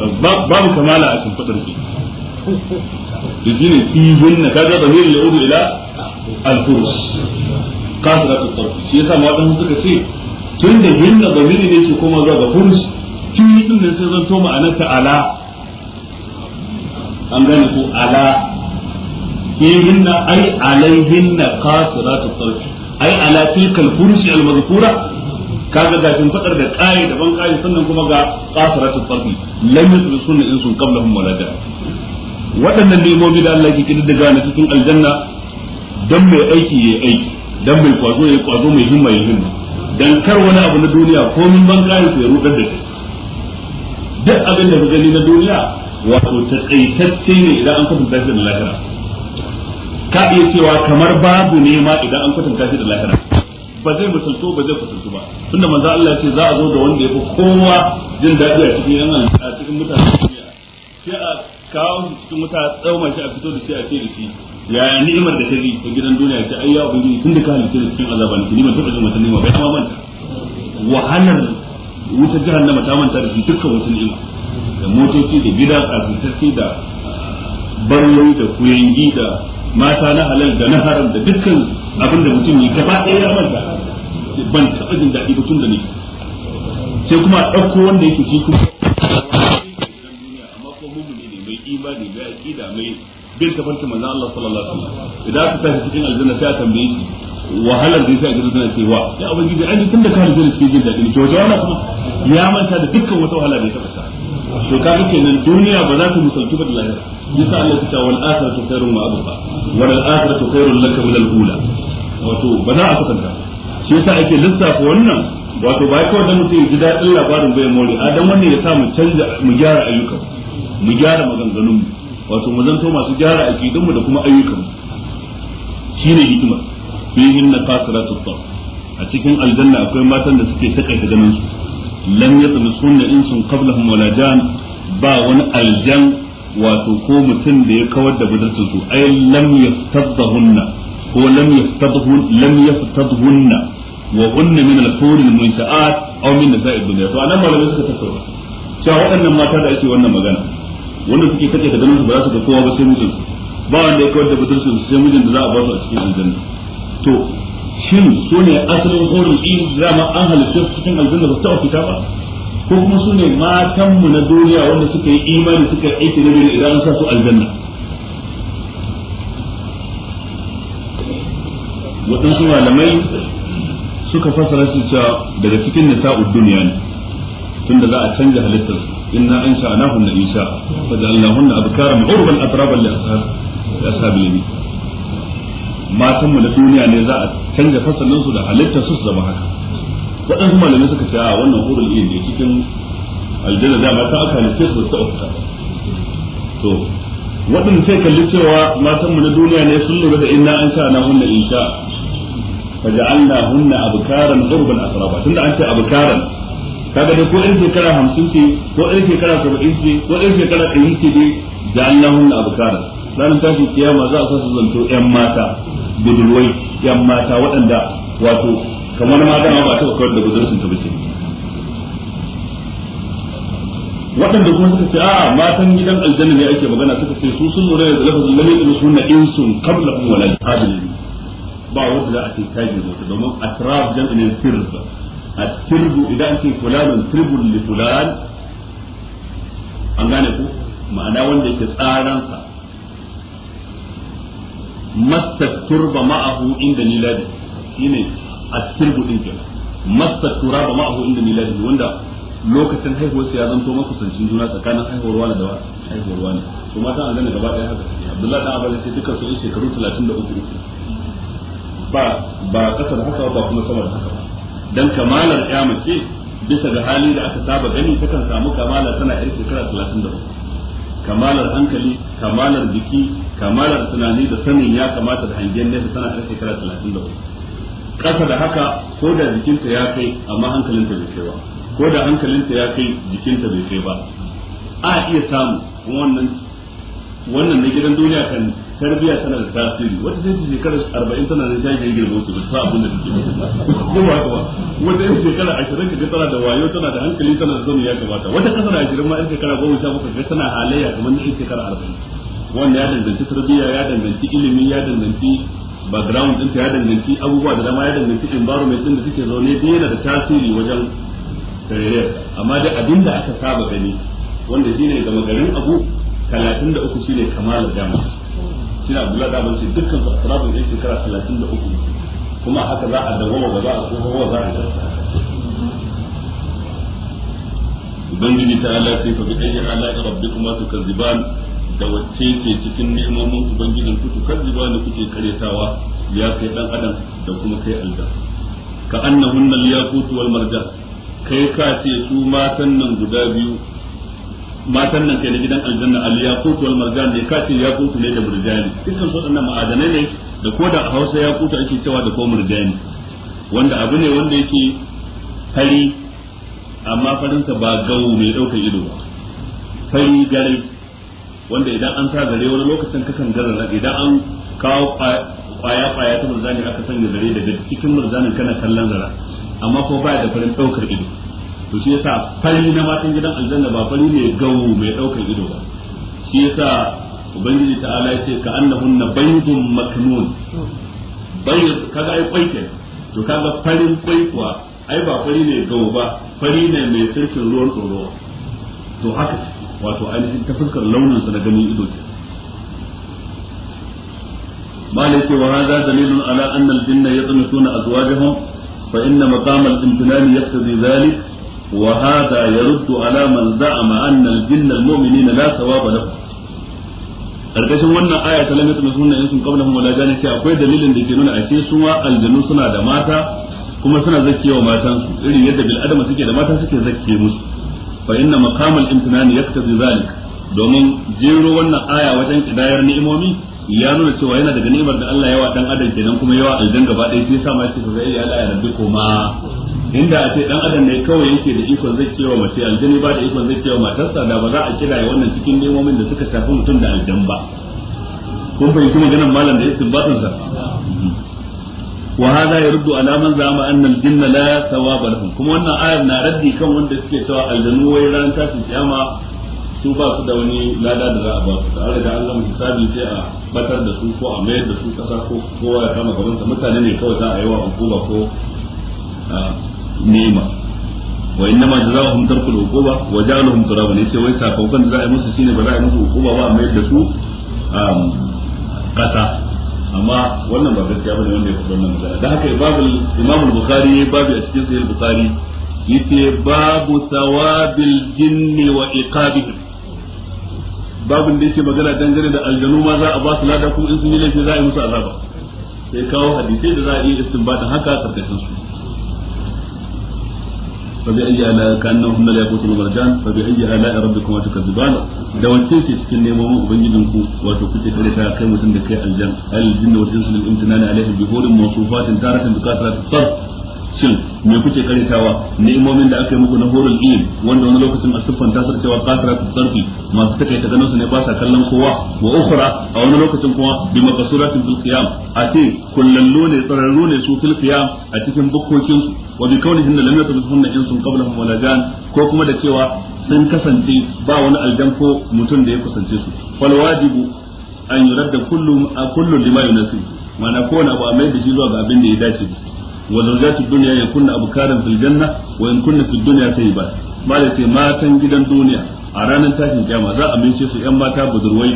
ba mu kamala a shimfiɗar ke da shi ne fihun na kaga da miri ya udu ila al-furus qasiratul qabti shi yasa ma wadansu suka ce tun da hinna da miri ne ke kuma zuwa ga furus kin din nan sai zanto ma'anar ala. an gane ko ala na ay alaihinna qasiratu tarf Ai ala tilka al-furush al-madhkura kaga ga shin fadar da kai da ban kai sannan kuma ga qasiratu tarf lam sun insun qablahum walada waɗannan imomi da Allah ke kididdiga na cikin aljanna dan mai aiki yayi aiki dan mai kwazo yayi kwazo mai himma yayi himma dan kar wani abu na duniya ko min ban kai ya rudar da kai duk abin da ka gani na duniya wato taƙaitacce ne idan an kwatanta shi da lahira ka iya cewa kamar babu nema idan an kwatanta shi da lahira ba zai misalto ba zai kusantu ba tunda manzo Allah ya ce za a zo da wanda ya fi kowa jin daɗi a cikin yan a cikin mutane sai a kawo cikin wuta tsauma shi a fito da shi a ce da shi ya ni'imar da kai ta gidan duniya ce ai ya ubangiji tun da ka halitta da cikin azaba ne ban taɓa jin wata ni'ima bai amma manta wahalar wuta jahannama ta manta da shi dukkan wata ni'ima da motoci da gidan tsafitacce da barnoyi da kuyangi da mata na halal da na haram da dukkan abin da mutum ne gaba ɗaya ya manta ban taɓa jin daɗi ba tun da ne sai kuma a ɗauko wanda yake shi kuma amma ko mummuni ne mai imani mai aƙida mai bin tafarki manzon Allah sallallahu alaihi wasallam idan aka tashi cikin aljanna sai a tambaye shi wahalar da yasa gidan tana cewa ya ubangiji an ji tun da ka halitta da cikin jin daɗi ne ke wata kuma ya manta da dukkan wata wahala da ya taɓa to ka ce kenan duniya ba za ta misaltu ba da lahira yasa Allah ya ta wal akhiratu khairun wa abqa wal ta khairun laka min al ula wato ba za a kusanta shi yasa ake lissafa wannan wato ba kawai dan mutum ji daɗin labarin bai more a dan wannan ya sa mu canza mu gyara ayyukan mu gyara maganganun mu wato mu zanto masu gyara akidun mu da kuma ayyukan shine hikimar fihin na kasiratu a cikin aljanna akwai matan da suke takaita ganin su lam yatmisunna insun qablahum wala jan ba wani aljan wato ko mutum da ya kawar da budurcin su ai lam yaftadhunna ko lam yaftadhun lam yaftadhunna wa unna min al-hur al-munsha'at aw min nisa'id dunya to anan malamai suka tattauna cewa waɗannan mata da ake wannan magana wanda suke kace da ganin su ba za su ga kowa ba sai mijin ba wanda ya kawar da budurcin su sai mijin da za a ba su a cikin aljanna to shin su ne asalin horin in zama an halitta cikin aljanna ba su fita ba ko kuma su ne matanmu na duniya wanda suka yi imani suka aiki na gari idan an sa su aljanna waɗansu malamai suka fasara su cewa daga cikin nisa'ud duniya ne tunda za a canja halittar inna an sha'anahunna isa fa ja'alnahunna abkaran urban atraban li ashabil yamin matan mu na duniya ne za a canza fasalin su da halitta su zama haka waɗansu malamai suka ce a wannan hurul ilm ne cikin aljanna da mata aka halitta su ta ofta to waɗanda sai kalli cewa matan mu na duniya ne sun lura da inna an sha na hunna insha faja'alna hunna abkaran urban asraba tunda an ce abkaran kaga dai ko ɗan shekara hamsin ce ko ɗan shekara saba'in ce ko ɗan shekara ɗari ce dai ja'alna hunna abkaran ranar tashi kiyama za a sa su zanto yan mata budurwai yan mata waɗanda wato kamar ma dama ba taɓa kawar da budursun ta bace waɗanda kuma suka ce a'a matan gidan aljanna ne ake magana suka ce su sun lura da lafazin lam yadlu sunna insun qabla hum wala qabil ba wanda za a ce tajin wata domin atrab jam'in sirr a tirb idan ake fulanun tirbun li fulan an gane ku ma'ana wanda yake tsaransa masat turba ma'ahu inda miladi shine kenan ma'ahu inda miladi wanda lokacin ya zanto makusancin juna tsakanin haihuwar wani da haihuwar wani su mata an gane gaba haka abdullahi dan sai shekaru 33 ba ba kasar haka ba kuma sama da haka dan kamalar ya mace bisa ga hali da aka saba gani takan samu kamala tana yar shekara 33 kamalar hankali kamalar jiki kamalar tunani da sanin ya kamata da hangen nesa tana kai shekara talatin da hudu. ƙasa da haka ko da jikinta ya kai amma hankalinta bai kai ba ko da hankalinta ya kai jikinta bai kai ba a iya samu wannan wannan na gidan duniya kan tarbiyya tana da tasiri wata sai shekarar arba'in tana da shayi ya girma su ta abin da take musu ko ba ba wata yin shekara ashirin ka tana da wayo tana da hankali tana da zamu ya kamata wata kasar ashirin ma yan shekara goma sha bakwai tana halayya kamar na yan shekara arba'in wanda ya danganci tarbiyya ya danganci ilimi ya danganci background ɗinta ya danganci abubuwa da dama ya danganci environment ɗin da suke zaune duk yana da tasiri wajen tarayyar amma dai abin da aka saba gani wanda shine gama garin abu talatin da uku shine da damar. shine Abdullahi da Abdul dukkan su a asrabun da shekara 33 kuma haka za a dawoma ba za a tsoho ba za a tsaya ubangiji ta ala sai fa bi ayyi ala su tukazziban da wacce ke cikin ni'imomin ubangijin ku tukazziban da kuke karetawa ya kai dan adam da kuma kai aljanna ka annahunna al-yaqut wal marjan kai ka ce su matan nan guda biyu matan nan kai na gidan aljanna al yaqut wal marjan ne kace yaqut ne da murjani dukkan su dinnan ma'adanai ne da koda a Hausa yaqut ake cewa da ko murjani wanda abu ne wanda yake fari amma farinsa ba gawo mai daukar ido ba fari gare wanda idan an sa gare wani lokacin kakan gare idan an kawo kwaya kwaya ta murjani aka sanya gare da cikin murjanin kana kallon zara amma ko ba da farin daukar ido to shi yasa fari na matan gidan aljanna ba fari ne gawo mai daukan ido ba shi yasa ubangiji ta'ala yace ka annahunna baydun maknun bayd kaga ai kwai ke to kaga farin kwai kuwa ai ba fari ne gawo ba fari ne mai sirkin ruwan tsoro to haka wato ainihin ta fuskar launin sa na ganin ido ke مالك وهذا دليل على أن الجن يطمسون أزواجهم فإن مقام الامتنان يقتضي ذلك وهذا يرد على من زعم أن الجن المؤمنين لا ثواب لهم karkashin wannan aya ta lamita na sunan yansun kabla mu wala gane cewa akwai dalilin da ke nuna ashe su ma aljanu suna da mata kuma suna zakkewa matan su irin yadda bil adama suke da mata suke zakke musu fa inna maqamal imtinani yaktabi zalik domin jero wannan aya wajen kidayar ni'imomi ya nuna cewa yana daga ni'imar da Allah yawa dan adam kenan kuma yawa aljan gaba ɗaya shi yasa ma yake fa ya ya rabbi kuma inda a ce dan adam ne kawai yake da ikon zai cewa mace aljini ba da ikon zai cewa matarsa da ba za a kira wannan cikin nemomin da suka shafi mutum da aljan ba kun fahimci maganar malam da istinbatin sa wa hada yaruddu ala man zama anna aljinna la thawaba lahum kuma wannan ayar na raddi kan wanda suke cewa aljanu wai ran tashin kiyama su ba su da wani lada da za a ba su tare da Allah hisabi sai a batar da su ko a mayar da su kasa ko kowa ya kama gaban mutane ne kawai za a yi wa hukuma ko nema wa inna ma jazaohum tarkul uquba wa ja'aluhum turaban yace wai ta sakamakon da za a yi musu shine ba za a yi musu uquba ba amma da su kasa um, amma wannan ba gaskiya bane wanda ya faɗi wannan magana dan haka babul imam bukhari babu a cikin sahih bukhari yace babu thawabil jinni wa iqabihi Babu da yake magana dangane da aljanu ma za a ba su lada kuma in sun yi laifi za a yi musu azaba sai kawo hadisai da za a yi istinbata haka karkashin su فبأي آلاء كأنهن لا يفوت المرجان فبأي آلاء ربكما تكذبان da wacce ce cikin neman ubangijin ku wato kuke kare ta kai mutum da kai aljan aljin da wajen shin me kuke karitawa ni'imomin da aka yi muku na horon ilm wanda wani lokacin a siffan tasar cewa ta sarfi masu kai ta ganin su ne ba sa kallon kowa wa ukura a wani lokacin kuma bi maqsuratin fil qiyam a ce kullallo ne tsararru ne su fil a cikin bukkokin su wa bi kaunihin lam yatruhum insun qablahum wala jan ko kuma da cewa sun kasance ba wani aljan ko mutum da ya kusance su fal wajibu an yuradda kullu kullu lima yunasibu mana kowane abu a mai da shi zuwa ga abin da ya dace da wa zawjatu dunya yakunna abkaran fil janna wa in kunna fid dunya ba. malai sai matan gidan duniya a ranar tashin kiyama za a mishe su yan mata budurwai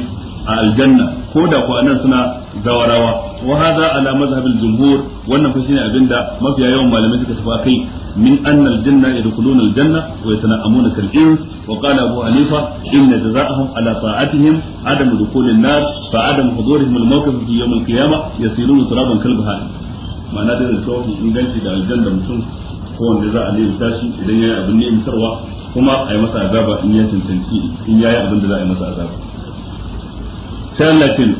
a aljanna ko da ko suna zawarawa wa a ala mazhabil jumhur wannan fa shine abinda mafiya yawan malamai suka tafi kai min anna aljanna yadkhuluna aljanna wa yatana'amuna amuna in wa qala abu hanifa inna jazaa'ahum ala ta'atihim adam dukhulin nar fa adam hudurihim al mawqif fi yawm al qiyamah yasiruna siraban kal bahar ma'ana da zance mafi inganci da aljan da mutum ko wanda za a ne tashi idan yayi abin ne mutarwa kuma a yi masa azaba in ya cancanci in yi abin da za a yi masa azaba sai Allah ce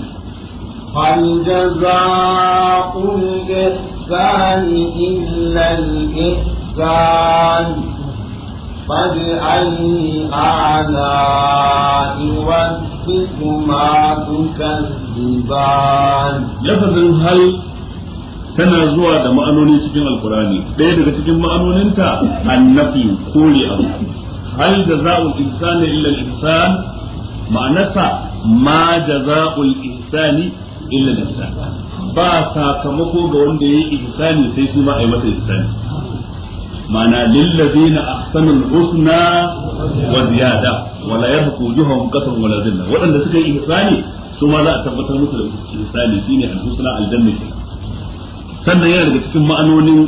hal jazaa'ul ihsan illa al-ihsan فبأي آلاء ربكما تكذبان لفظ هل tana zuwa da ma'anoni cikin alkurani ɗaya daga cikin ma'anoninta annafi kore abu hal jaza'ul insani illa insan ma'anarsa ma jaza'ul insani illa insan ba sakamako ga wanda ya yi ihsani sai shi ma yi masa ihsani ma'ana lillazina ahsanul husna wa ziyada wala yahqu wujuhahum qatran wala zinna. Waɗanda suka yi ihsani su ma za a tabbatar musu da ihsani shine al-husna al-jannah sannan yana daga cikin ma'anonin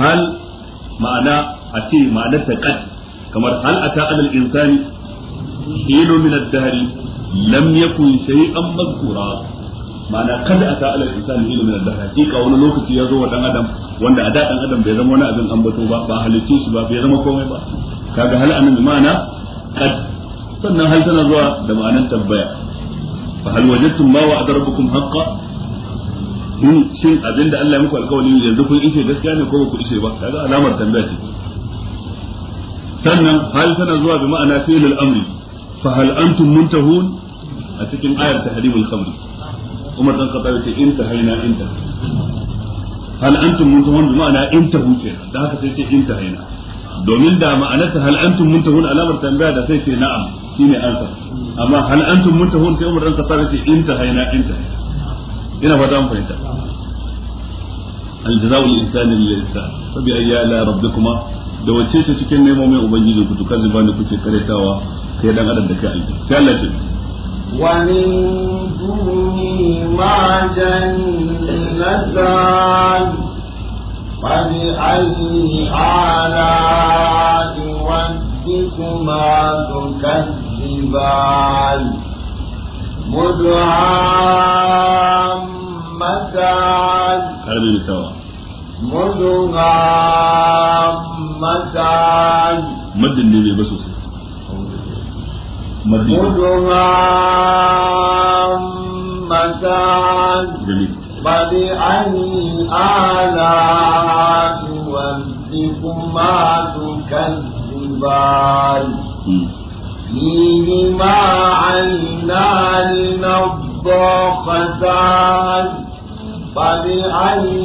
hal ma'ana a ce ma'anar taqat kamar hal ata alal insani hinu min ad-dahr lam yakun shay'an mazkura ma'ana kada ata alal insani hinu min ad-dahr hakika wani lokaci ya zo wa dan adam wanda a da dan adam bai zama wani abin ambato ba ba halitta shi ba bai zama komai ba kaga hal anan bi ma'ana kad. sannan hal tana zuwa da ma'anar tabbaya fa hal wajadtum ma wa'ada rabbukum haqqan shin shin abinda Allah ya muku alƙawari yanzu kun ishe gaskiya ne ko ba ku ishe ba kaga alamar tambaya ce sannan hal tana zuwa bi ma'ana fi'lul amri fa hal antum muntahun a cikin ayar tahrimul khamri Umar dan Khattab ya ce in tahayna inta hal antum muntahun bi ma'ana intahu ke da haka sai ce in tahayna domin da ma'anarsa hal antum muntahun alamar tambaya da sai ce na'am shine ansa amma hal antum muntahun sai Umar dan Khattab ya ce in tahayna inta ina fata an fahimta aljaza'u lil insani lil insan sabi ayya la rabbikuma da wacce ce cikin nemomin ubangiji ku tukar zuba ne kuke karetawa kai dan adam da kai aljanna sai Allah ya ومن دونهما جنتان فبأي آلاء ربكما تكذبان مدعامتان هذه سواء مدعامتان مد النبي بس مدعامتان جميل فبأي آلاء ربكما تكذبان فيهما عينان نضاختان فبأي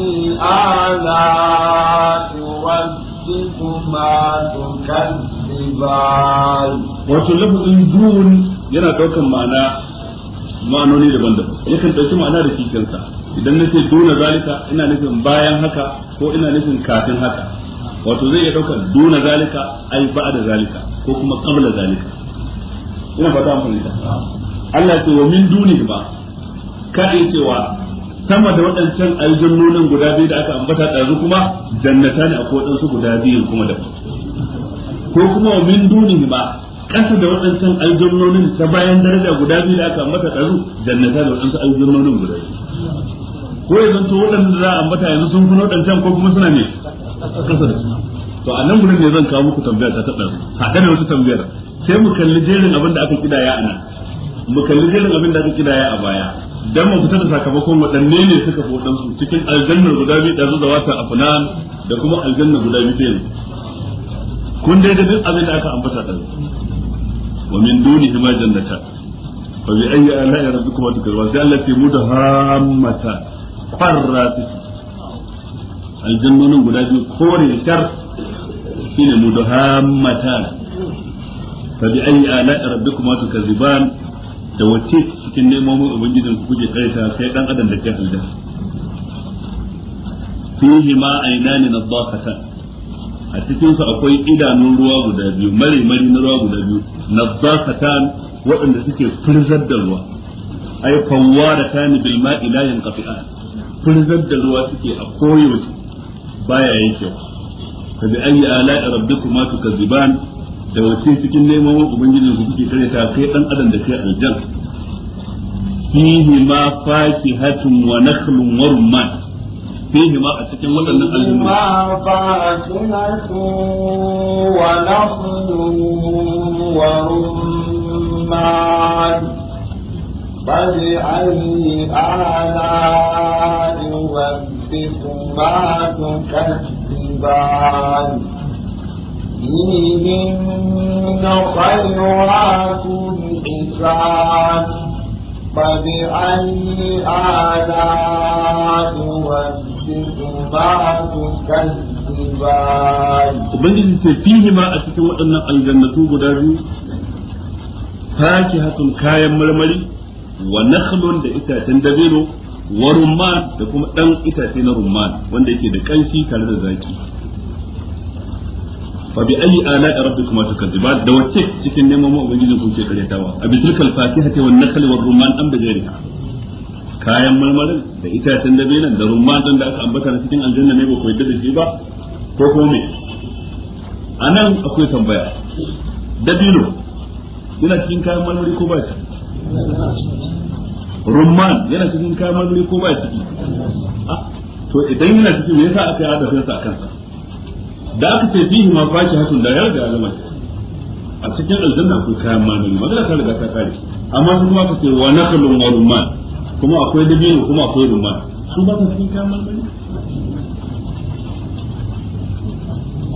آلاء ربكما تكذبان wato lafazin duhun yana daukan ma'ana ma'anoni daban-daban yakan ɗauki ma'ana da kikinsa idan nace duna zalika ina nufin bayan haka ko ina nufin kafin haka wato zai iya ɗaukar duna zalika ai da zalika ko kuma qabla zalika ina fata mun da Allah ce wa min duni ba kai cewa sama da waɗancan aljannonin guda biyu da aka ambata ɗazu kuma jannata ne akwai waɗansu guda biyu kuma da ko kuma wa min duni ba ƙasa da waɗancan aljannonin ta bayan daraja guda biyu da aka ambata ɗazu jannata da waɗansu aljannonin guda biyu ko ya zanto waɗanda za a ambata yanzu sun fi waɗancan ko kuma suna ne ƙasa da su to a nan gurin ne zan kawo muku tambaya ta ta ɗazu haɗe ne wasu tambayar sai mu kalli jerin abin da aka kidaya a nan mu kalli jerin abin da aka kidaya a baya dan mu fitar da sakamakon waɗanne ne suka fodan su cikin aljannar guda biyu da zuwa wata afnan da kuma aljannar guda biyu ɗin kun dai da duk abin da aka ambata da wa min duni hima jannata fa bi ayyi ala'i rabbikuma tukazziban sai Allah ya mudahammata qarrat aljannonin guda biyu kore shar shine mudahammata fa bi ayi ala rabbikuma tukaziban da wace cikin neman nemomin ubangijin ku kuke kaita sai dan adam da ke aljanna fihi ma aynani nadhaqatan a cikin su akwai idanun ruwa guda biyu mari mari na ruwa guda biyu nadhaqatan waɗanda suke furzar da ruwa ay fawaratan bil ma'i la yanqati'an furzar da ruwa suke a koyo baya yankewa fa bi ayi ala rabbikuma tukaziban da wace cikin neman ubangijin su suke ta kai dan adam da kai aljan fihi ma fakihatun wa nakhlun wa rumman fihi ma a cikin waɗannan aljanu ma fakihatun wa nakhlun wa rumman فبأي آلاء ربكما تكذبان فيهن خيرات حسان فبأي آلاء Ubangiji ce fihi ma a cikin waɗannan aljannatu guda biyu, fashi hatun kayan marmari, wa nakhlun da itacen dabino, wa rumman da kuma ɗan itace na rumman wanda yake da ƙanshi tare da zaki. fa bi ayi ala'i rabbikuma tukazziba da wacce cikin neman ubangijin kun ke karyatawa a bitilkal fakihati wan nakhli war rumman an bajarika kayan marmarin da itacen dabinan da rumman don da aka ambata na cikin aljanna ne ba ku yadda da shi ba ko ko me anan akwai tambaya dabino yana cikin kayan marmari ko ba shi rumman yana cikin kayan marmari ko ba ciki to idan yana cikin me yasa aka yi hadafinsa a kansa da aka ce fihi ma fashi hasun da ya ga alama a cikin aljanna akwai kayan manani magana ta riga ta kare amma sun kuma ka ce wa nakhlun wa rumman kuma akwai dabino kuma akwai rumman su ba ka cikin kayan manani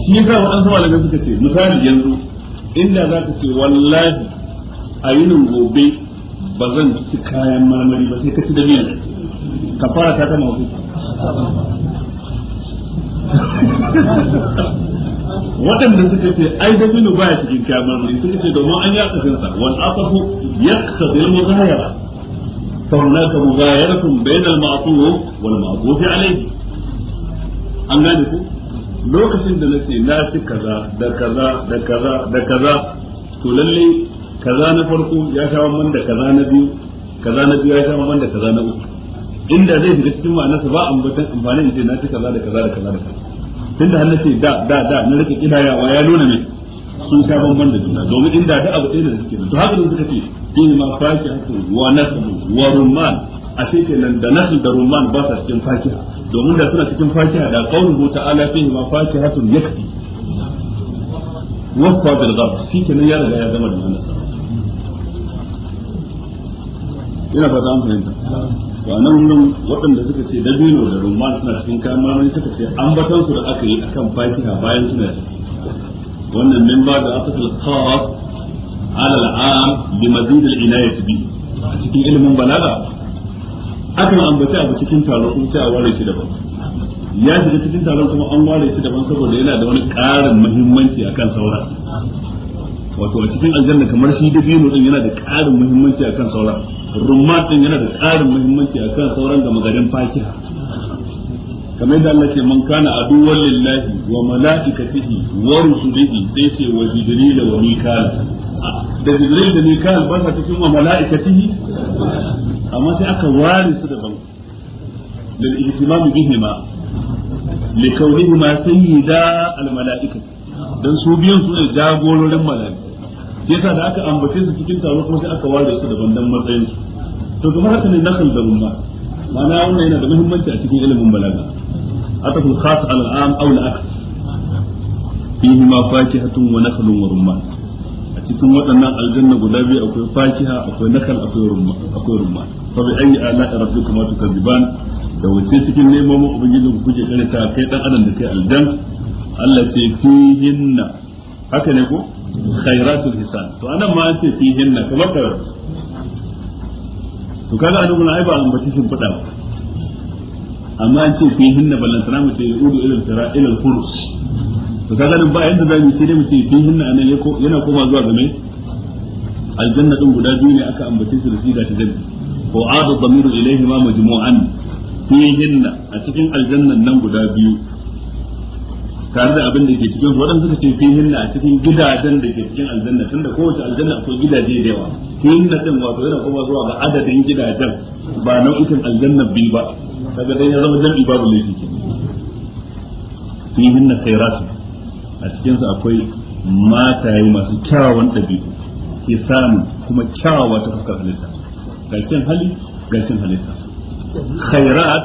shi yasa wa an sama daga suka ce misali yanzu inda za ka ce wallahi a yinin gobe ba zan ci kayan marmari ba sai ka ci dabino ka fara ta ta mafi waɗanda suka ce ai da binu baya cikin kayan marmari suka ce domin an yaka kansa wal asafu yaqtadi al mughayara fa hunaka mughayaratun bayna al ma'qul wal ma'qul alayhi an gane ku lokacin da nace na ci kaza da kaza da kaza da kaza to lalle kaza na farko ya sha man da kaza na biyu kaza na biyu ya sha man da kaza na uku inda zai shiga cikin ma'anarsa ba ambatan amfanin ce na ci kaza da kaza da kaza da kaza tunda har nace da da da na rike kidayawa ya nuna ne sun sha bamban da juna domin inda da abu ɗaya da suke to haka ne suka ce fihi ma fashi wa nasbu wa rumman a ce kenan da nasb da rumman ba sa cikin fashi domin da suna cikin fashi da qauluhu ala fihi ma fashi hatun yakfi wasu bil ghab shi kenan ya riga ya zama da wannan ina fata an fahimta to anan nan waɗanda suka ce dabino da rumman suna cikin kayan marmari suka ce an batan su da aka yi akan fatiha bayan suna ciki wannan min ba da asakal khas ala al'am bi mazid al-inayat bi a cikin ilimin balaga akan ambaci a cikin taro kuma sai a ware shi daban ya shiga cikin taron kuma an ware shi daban saboda yana da wani ƙarin muhimmanci akan sauran wato a cikin aljanna kamar shi dabino din yana da ƙarin muhimmanci akan sauran rummat din yana da tsarin muhimmanci a kan sauran gama garin fatiha kamar yadda Allah ce man kana aduwwan lillahi wa mala'ikatihi wa rusulihi sai ce wa jibril wa mikal da jibril da mikal ba sa cikin wa mala'ikatihi amma sai aka ware su daban lil ihtimam bihima li sayyida al mala'ikati dan su biyan su ne jagororin mala'ikati yasa da aka ambace su cikin taro kuma sai aka ware su daban dan matsayin su to kuma haka ne nakal da rumma ma'ana wannan yana da muhimmanci a cikin ilimin balaga ataful khas al am aw al aks fihi ma fakihatun wa nakhlun wa rumman a cikin waɗannan aljanna guda biyu akwai fakiha akwai nakal akwai rumma akwai rumman fa bi ayi ala rabbikuma tukaziban da wace cikin neman ubangiji ku kuke karanta kai dan adam da kai aljan Allah ce fihinna haka ne ko khairatul hisan to anan ma an fi fihin na kamar da to kaga annabi na aiba an bace shin fada amma an ce fihin na ballan sana mu ce udu ilal tara ilal furus to kaga nan ba yanda zamu ce dai mu ce fihin na anan yana koma zuwa ga mai aljanna din guda biyu ne aka ambace su da da ta dabi wa ada damiru ilayhi ma majmu'an fihin a cikin aljannan nan guda biyu tare da abin da ke cikin su waɗanda suka ce fihin na cikin gidajen da ke cikin aljanna tunda kowace aljanna akwai gidaje da yawa fihin na din wato yana kuma zuwa ga adadin gidajen ba nau'ikan aljanna biyu ba daga dai ya zama jam'i babu laifi ke fihin na khairatu a cikinsa akwai mataye masu kyawawan ɗabi'u ke samun kuma kyawawa ta fuskar halitta ga hali ga halitta khairat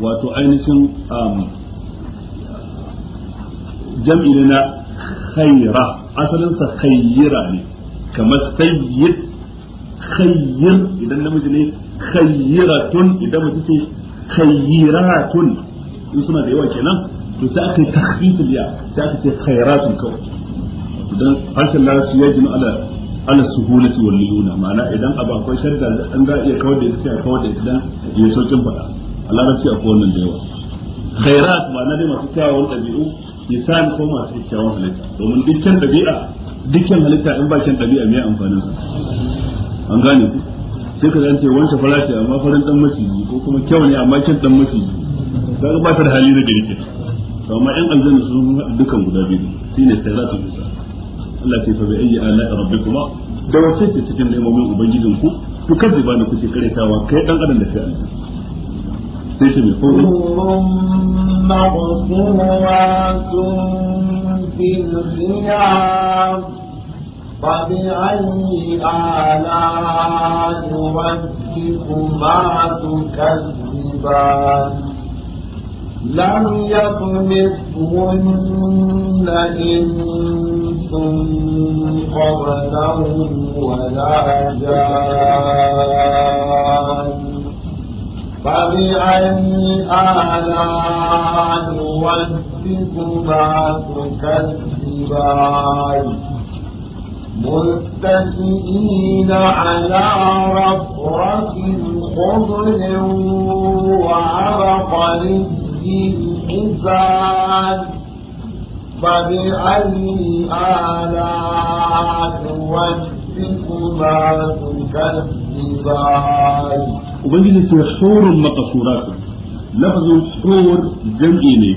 wato ainihin um, jam'i ne na khayra asalin sa khayra ne kamar sayyid khayyir idan namiji ne khayratun idan mace ce khayratun in suna da yawa kenan to sai aka yi takhfifil ya sai aka ce khayratun kawai idan harshen larabci ya jinu ala ala suhulati wal liyuna ma'ana idan abu akwai sharda an za iya kawar da ita sai a kawar da ita dan ya saukin faɗa a larabci akwai wannan da yawa khairat ma'ana dai masu kyawun ɗabi'u kisan ko masu kyakkyawan halitta domin dukkan dabi'a dukkan halitta in ba kyan dabi'a me amfanin sa an gane ku sai ka zance wanda farashi amma farin dan maciji ko kuma kyau ne amma kyan dan maciji ga ba ta da hali na gari ke to amma ɗan aljanna sun dukkan guda biyu shine sai za ta bisa Allah ce fa bi ayyi ala rabbikuma da wace ce cikin neman ubangijinku ku kaddaba ne kuke karetawa kai dan adam da kai Allah sai ta mai kowai فبأي آلاء ربكما تكذبان لم يطمثهن إنس قبلهم ولا جان فبأي آلاء ربكما تكذبان متكئين على رفرف خضر وعبقري حسان فبأي آلاء ربكما تكذبان ubangiji ce hurun maqsurat lafazin hur jam'i ne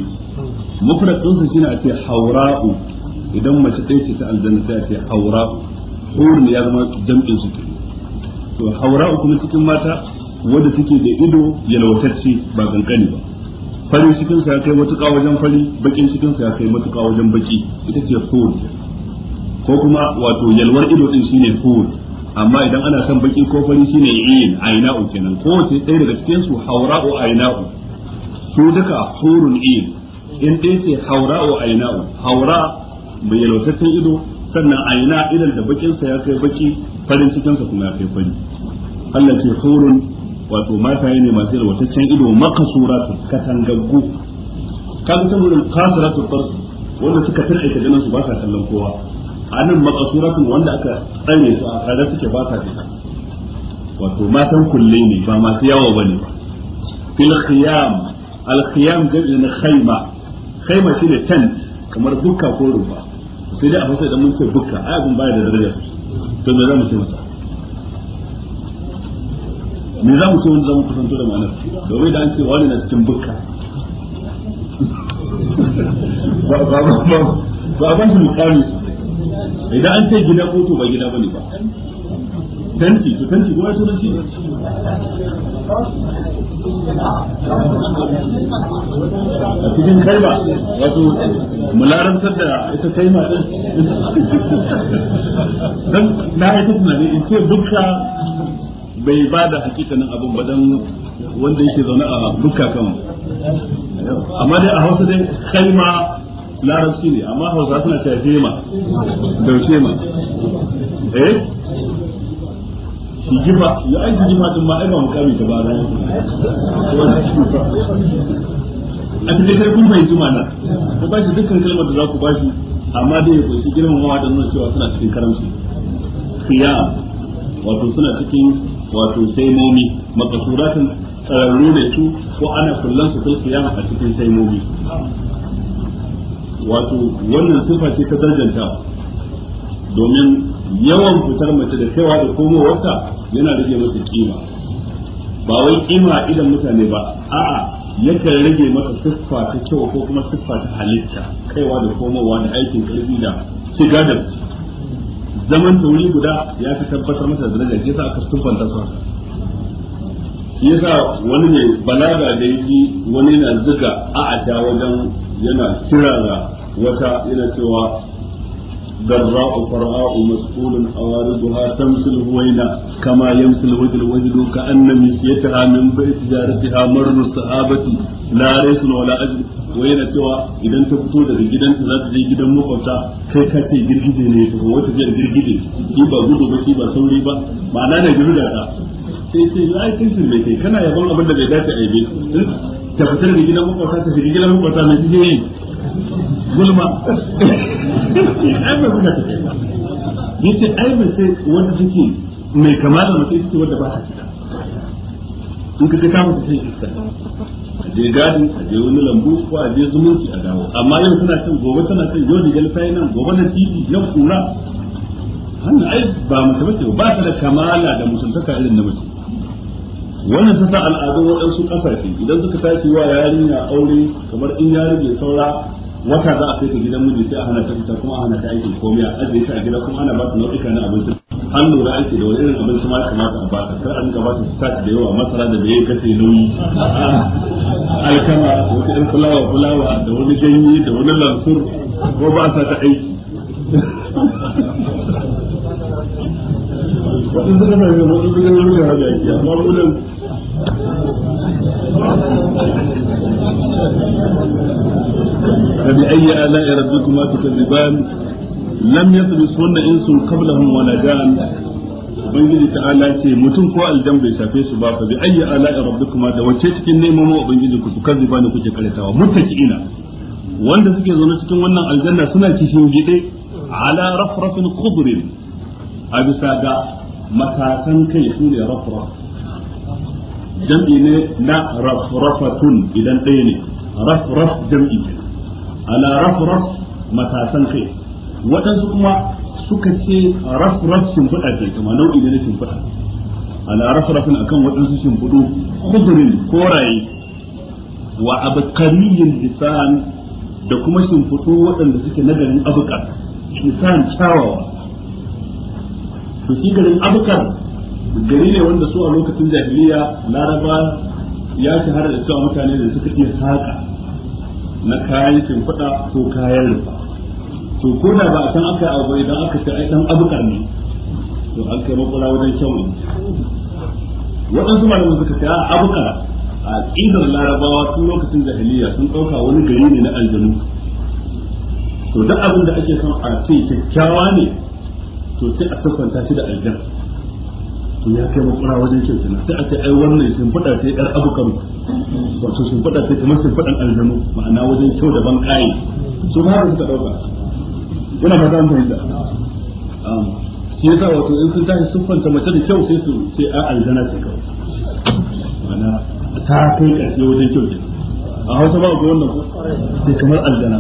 mufrad din sa shine a ce haura'u idan mace ɗaya ce ta aljanna sai ake ce haura'u hur ne ya zama jam'in su ke to haura'u kuma cikin mata wanda suke da ido yalwatacce ba kankani ba Fari cikin sa ya kai matuƙa wajen fari bakin cikin sa ya kai matuƙa wajen baki ita ce hur ko kuma wato yalwar ido din shine hur amma idan ana son baki ko fari shine yin aina'u kenan ko wace ɗaya daga cikin su haura'u aina'u su duka hurun in in ɗaya ce haura'u aina'u haura mai yalwataccen ido sannan aina idan da bakin sa ya kai baki farin cikin sa kuma ya kai fari Allah ce hurun wato mata ne masu yalwataccen ido makasuratu katangaggu kan saboda farsu wanda suka tarkace ganin su ba sa kallon kowa anan makasuratun wanda aka tsare su a tsare suke ba sa fita wato matan kulle ne ba masu yawa bane fil khiyam al khiyam na khayma khayma shine tent kamar duka ko rufa sai dai a fasa idan mun ce duka ai abin baya da daraja to me za mu ce masa me za mu ce wanda za mu kusanto da ma'anar domin da an ce wani na cikin bukka ba ba ba ba ba ba idan an ce gida koto ba gida bane ba tanti to tanti ko ya to tanti a cikin kaiba wato mularantar da ita kaima din dan na ita tunani in ce dukka bai ba da hakikanin abin ba dan wanda yake zaune a dukka kan amma dai a hausa dai kaima larabci ne amma hausa suna cewa shema da ma eh shigima ya ai shigima din ma ai ba mukami ta bara a cikin sai kun jima mana ku ba shi dukkan kalmar da za ku ba shi amma dai ya kunshi girmamawa da nuna cewa suna cikin karamci khiyam wato suna cikin wato saimomi makasuratun tsararru ne su ko ana kullansu fil khiyam a cikin sai momi. wato wannan sifa ce ta darjanta domin yawan fitar mace da kaiwa da komowarta yana rage mata kima ba wai kima idan mutane ba a'a yakan rage mata siffa ta kyau ko kuma siffa ta halitta kaiwa da komowa da aikin karfi da shiga da zaman tauri guda ya fi tabbatar masa da daraja yasa aka siffanta su shi yasa wani ne balaga da yi wani na zuga a'a wajen yana kirara wata yana cewa ضراء فراء مسؤول عوارضها تمس الهوينة كما يمس الوجه الوجد كأن مسيتها من بيت جارتها مر الصحابة لا ريس ولا أجل وين سوى إذا kai ka ce girgije ne kai kana yabon ta fita daga gidan makwata ta shiga gidan makwata na cikin yin gulma ai mai kuka ta kai yace ai mai sai wanda take mai kama da mace take wanda ba ta fita in ka ta mutu sai iska a je gadi a je wani lambu ko a je zumunci a dawo amma yau tana cin gobe tana cin yau digal fayinan, nan gobe na titi na kura hannu ai ba mace ba ta da kamala da mutuntaka irin na mace wannan ta sa al'adun waɗansu ƙasashe idan suka tashi wa yarinya aure kamar in ya rage saura wata za a kai ta gidan miji sai a hana ta fita kuma a hana ta aikin komai a ajiye ta a gida kuma ana ba ta nau'ika na abinci an lura ake da wani irin abinci ma kamata a ba ta kar a rinka ba ta starch da yawa masara da bai kace nauyi alkama wata irin fulawa fulawa da wani ganye da wani lansur ko ba ta ta aiki wasu suka fahimta wasu suka rubuta haka yake amma kullum فبأي آلاء ربكما تكذبان لم يطمسهن إنس قبلهم ولا جان ubangiji ta'ala ce mutum ko aljan bai shafe su ba fa bi ayyi rabbi kuma da wace cikin neman wa ubangiji ku tukar ba ne kuke karatawa muttaqiina wanda suke zaune cikin wannan aljanna suna kishin gide ala rafrafin khudrin a bisa ga matasan kai su ne rafra jam'i ne na rafrafatun idan ɗaya ne rafraf jam'i ke ala rafraf matasan kai waɗansu kuma suka ce rafraf shimfiɗa ce kama nau'i ne na shimfiɗa ala rafrafin akan waɗansu shimfiɗu kudurin koraye wa abkariyin lisan da kuma shimfiɗu waɗanda suke nagarin abuka lisan kyawawa to shi garin abukar gari ne wanda su a lokacin jahiliya laraba ya shahara da cewa mutane da suka iya saka na kayan shimfiɗa ko kayan rufa to ko da ba a san aka abu idan aka ce ai dan abukar ne to an kai makula wajen shan waɗansu malamin suka ce a abukar a ƙidar larabawa tun lokacin jahiliya sun ɗauka wani gari ne na aljanu to duk abin da ake son a ce kyakkyawa ne to sai a takwanta shi da aljan to ya kai makura wajen kyauta na sai a ce ai wannan sun fada sai yar abukan wato sun fada sai kamar sun fadan aljanu ma'ana wajen kyau da ban kai su ma su suka dauka ina ba zan fahimta shi yasa wato in sun tashi sun fanta mace da kyau sai su sai a aljana sai kawai ma'ana ta kai karshe wajen kyau a hausa ba ga wannan sai kamar aljana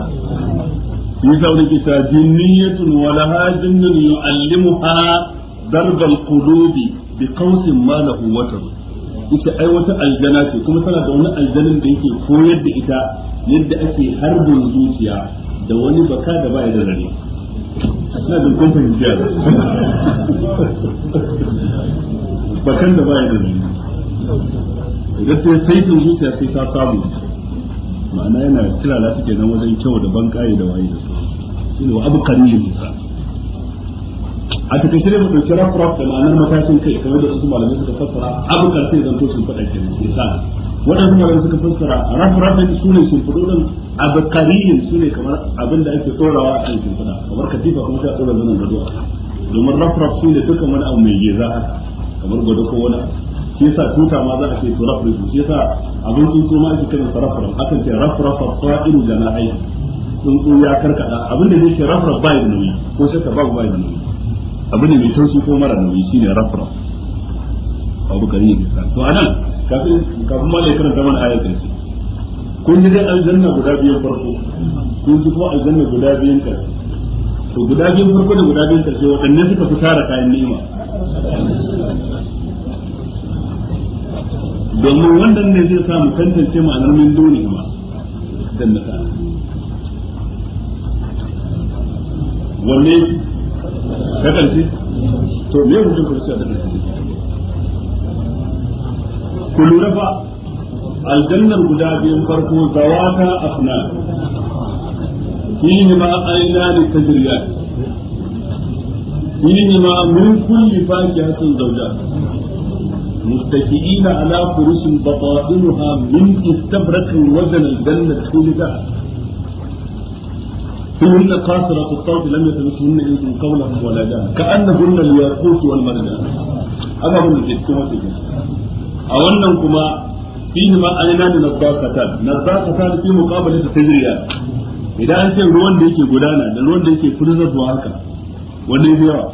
shi yasa wani ke ta jinniyatun wa laha jinnun yu'allimuha darbal qulubi bi qawsin ma lahu watar ita ai aljana ce kuma tana da wani aljanin da yake koyar da ita yadda ake harbin zuciya da wani baka da baya da zane ina da fahimci bakan da sai zuciya sai ta samu ma'ana yana kira la suke nan wajen kyau da ban da waye da su shine wa a take shirye mu dauki rafraf da ma'anar matashin kai kamar da malamai suka fassara sai zanto ke malamai suka fassara sun kamar abin da ake tsorawa a cikin fada kamar katifa kuma sai a tsora gado domin rafraf dukkan wani abu mai kamar gado ko wani shi yasa tuta ma za a ce to rafraf shi yasa abin tuto ma ake kiran rafraf akan ce rafraf tsuntsu ya karkada abinda da zai ce rafraf ba ya nauyi ko shakka babu ba ya nauyi abinda mai taushi ko mara nauyi shine rafraf abu kan ne bisa to anan kafin kafin ma lai karanta mana ayar karshe kun ji dai aljanna guda biyan farko kun ji ko aljanna guda biyan karshe to guda biyan farko da guda biyan karshe waɗanne suka fi tara kayan ni'ima domin wannan ne zai samu mu tantance ma'anar min dole ma jannata wanne ka karshe to me hujjar ku da karshe ku lura fa aljannar guda biyun farko zawata afna fihi ma aylan tajriyat fihi ma min kulli fakihatin zawjat متكئين على فرش بطائنها من استبرق وزن الجنة خلقها هن قاصرات الصوت لم يتمسهن انس قولهم ولا جان كانهن الياقوت والمرجان هذا هو الذي كما تجد او انكما فيهما عينان نضاقتان نضاقتان في مقابله تجريان idan an ce ruwan da yake gudana da ruwan da yake furzarwa haka wanda ya yawa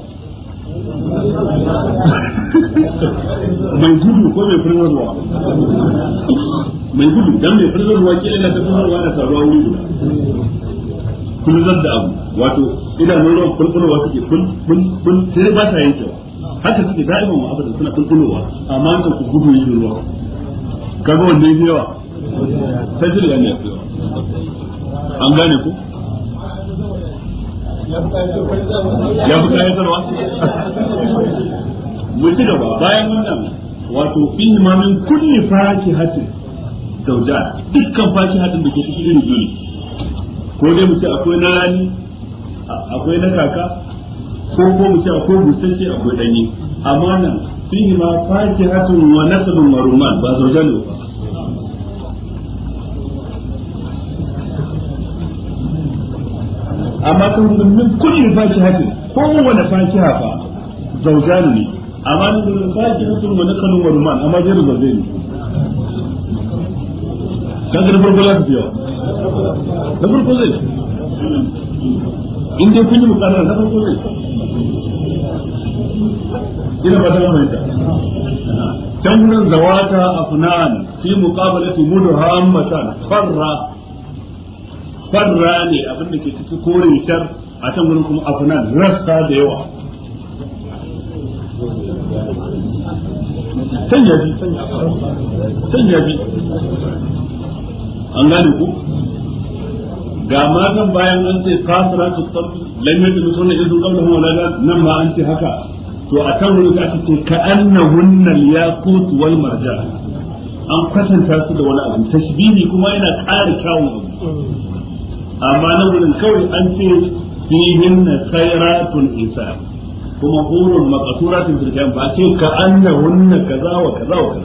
mai gudu ko mai furzarwa mai gudu dan mai furzarwa kila na furzarwa da taruwa wuri guda kulzar da abu wato idanun ruwan kulkulowa suke kul kul kul sai ba ta yankewa haka suke da'iman mu abadan suna kulkulowa amma nan ku gudu yin ruwa kaga wanda yake yawa sai shi da ne an gane ku ya fi kayatarwa mu ci gaba bayan wannan wato fihi ma min kulli fakihatin dauja dukkan fakihatin da ke cikin rijiyar ko dai mu ce akwai na rani akwai na kaka ko ko mu ce akwai busasshe akwai danyi amma nan fihi ma fakihatun wa nasabun wa rumman ba zargano ba amma ta min kulli fakihatin ko mu wanda fakiha hafa zaujani ne amma ni da fakihatun wa nakalun wa rumman amma jira zargano kaga da farko lafiya da farko zai in dai kun yi mukarar na farko zai ina ba ta mai ta can wurin zawata afnan fi mudu mudhammatan farra farra ne abin da ke ciki kore shar a can wurin kuma afnan rasta da yawa can yabi an gane ku ga matan bayan an ce kasiratu sabbi lam yajlu sunna idu qablahum wala da nan ma an ce haka to a kan wurin aka ce ka annahunna ya yaqut wal marjan an kwatanta su da wani abu tashbihi kuma yana ƙara kyawun abu amma nan wurin kawai an ce fihinna khairatun isa kuma hurun maqsuratun fil kayan ba ce ka annahunna kaza wa za wa ka.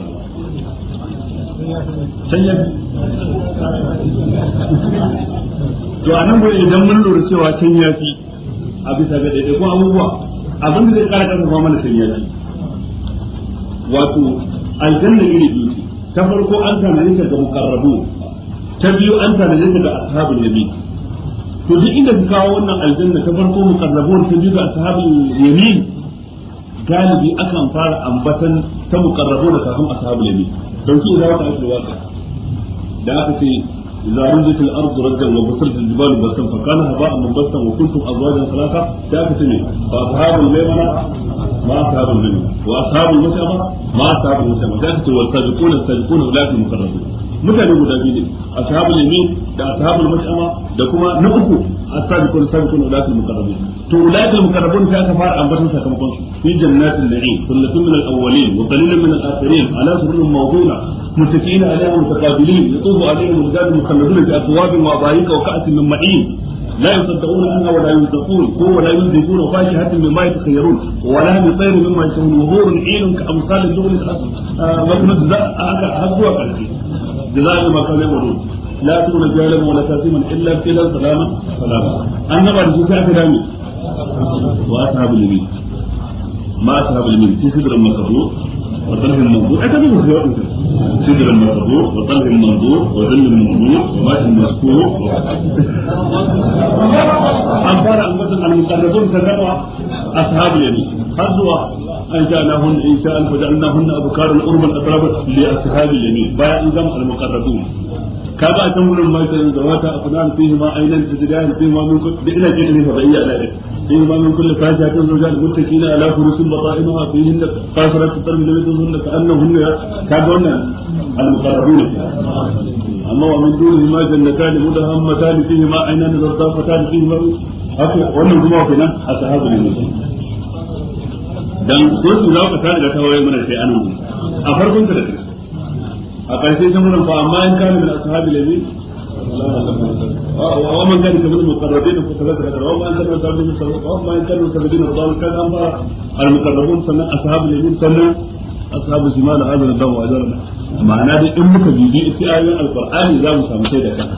to a nan gudun idan mun lura cewa can ya fi a bisa ga ɗaiɗaikun abubuwa abin da zai ƙara ƙarfafa mana can ya fi wato aljanna iri biyu ce ta farko an tanadi ta ga mukarrabu ta biyu an tanadi ta ga ashabul nabi to duk inda ka kawo wannan aljanna ta farko mukarrabu ta biyu ga ashabul nabi galibi akan fara ambatan ta mukarrabu da kafin ashabul nabi don shi za ka ake waka da aka ce إذا رجت الأرض رجا وبصرت الجبال بسا فكان هباء منبسا وكنتم أزواجا ثلاثة تأكتني فأصحاب الميمنة ما أصحاب الميمنة وأصحاب المشأمة ما أصحاب المشأمة تأكت والسابقون السابقون أولئك المقربون mutane guda biyu ne ashabul yamin da ashabul mash'ama da kuma na uku asabiqun sabiqun ulatul muqarrabun to ulatul muqarrabun sai aka fara ambaton sakamakon su fi jannatin na'im kullatun min al-awwalin wa qalilun ala متكئين عليها متقابلين يطوف عليهم رجال مخلدون بأكواب وأباريق وكأس من معين لا يصدقون عنها ولا ينطقون هو ولا ينزفون وفاكهة مما يتخيرون ولا من طير مما يشهون وهور عين كأمثال اللغن الأصل وكنا جزاء هزوا فالكي جزاء ما كانوا يقولون لا تكون جاهلا ولا كاسما إلا كلا سلاما سلاما أنا بعد شيء كلامي وأصحاب اليمين ما أصحاب اليمين في خضر المكروه وطلح منظور أكثر من خيار سدر المسرور وطلح منظور وظل المنظور وماء مسكور أنبار المثل المقربون كذبوا أصحاب اليمين خذوا أنشأناهن إنشاء فجعلناهن أبكارا أربا أترابا لأصحاب اليمين بايع الجمع المقربون kaga ba gurin ma ainan ma kulli da da ma kulli kan zawjal muttaqina ala furusin batainuha tarmi da ka wannan al muqarrabun amma wa min dunihi ma ma ainan ma haka wannan kuma a sahabu ne dan su da tawaye sai a farkon a ƙarshe shi wurin fa amma in kana min ashabi labi wa man kana min muqarrabin fa kaza da wa man kana min ashabi wa man kana min ashabi wa dal kan amma al muqarrabun sannan ashabi labi sannan ashabu shimal hadal dawa ajrana ma'ana dai in muka bibi ita ayoyin alqur'ani za mu samu sai da kanka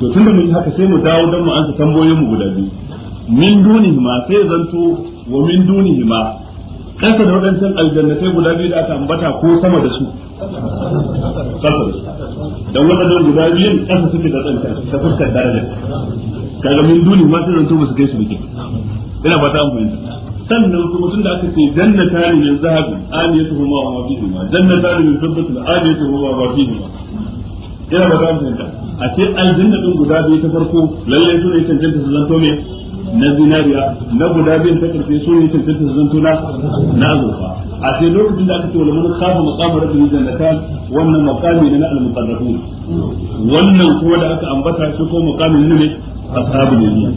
to tunda mun haka sai mu dawo dan mu ansa tambayoyin mu guda biyu min ma sai zanto wa min dunihima kasa da wadancan aljannatai guda biyu da aka ambata ko sama da su kasar don waɗannan guda biyun ƙasa suke da tsanta ta fuskar daraja kaga mun duni ma sai zanto su kai su muke ina fata an fahimta sannan kuma tunda aka ce jannata ne min zahabi aliyatu ma wa fihi ma jannata ne min tabbata aliyatu ma wa fihi ma ina fata an fahimta a ce aljanna din guda biyu ta farko lalle su ne jannata su zanto me na zinariya na guda biyun ta karfe su ne cancanta su tuna na azurfa a sai lokacin da aka ce walamun kafa maqama yi zanata wannan maqami ne na al-muqarrabun wannan kuwa da aka ambata shi ko maqamin ne ne ashabul yamin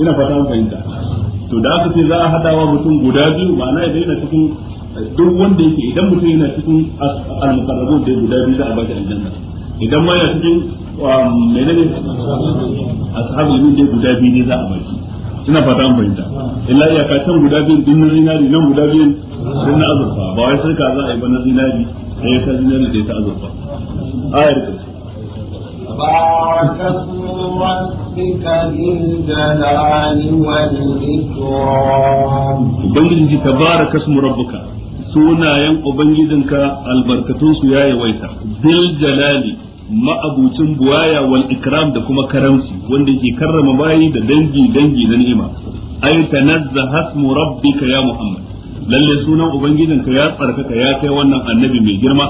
ina fata an fahimta to da aka ce za a hadawa mutum guda biyu ma'ana idan yana cikin eh, duk wanda yake idan mutum yana cikin al-muqarrabun da guda biyu za a bata aljanna idan ma ya cikin um, menene ne min guda biyu ne za a baki ina fata an bayyana illa ka san guda biyu din nan zinari nan guda biyu din na azurfa ba wai ka za a yi bana na zinari da ya ta zinari da ya ta azurfa ayar ka تبارك اسم ربك ذي الجلال sunayen ubangijinka albarkatunsu ya waita, dil jalali ma'abucin buwaya wal ikram da kuma karamci wanda yake karrama bayi da dangi dangi na ni'ima ay tanazza hasmu rabbika ya muhammad lalle sunan ubangijinka ya tsarkaka ya kai wannan annabi mai girma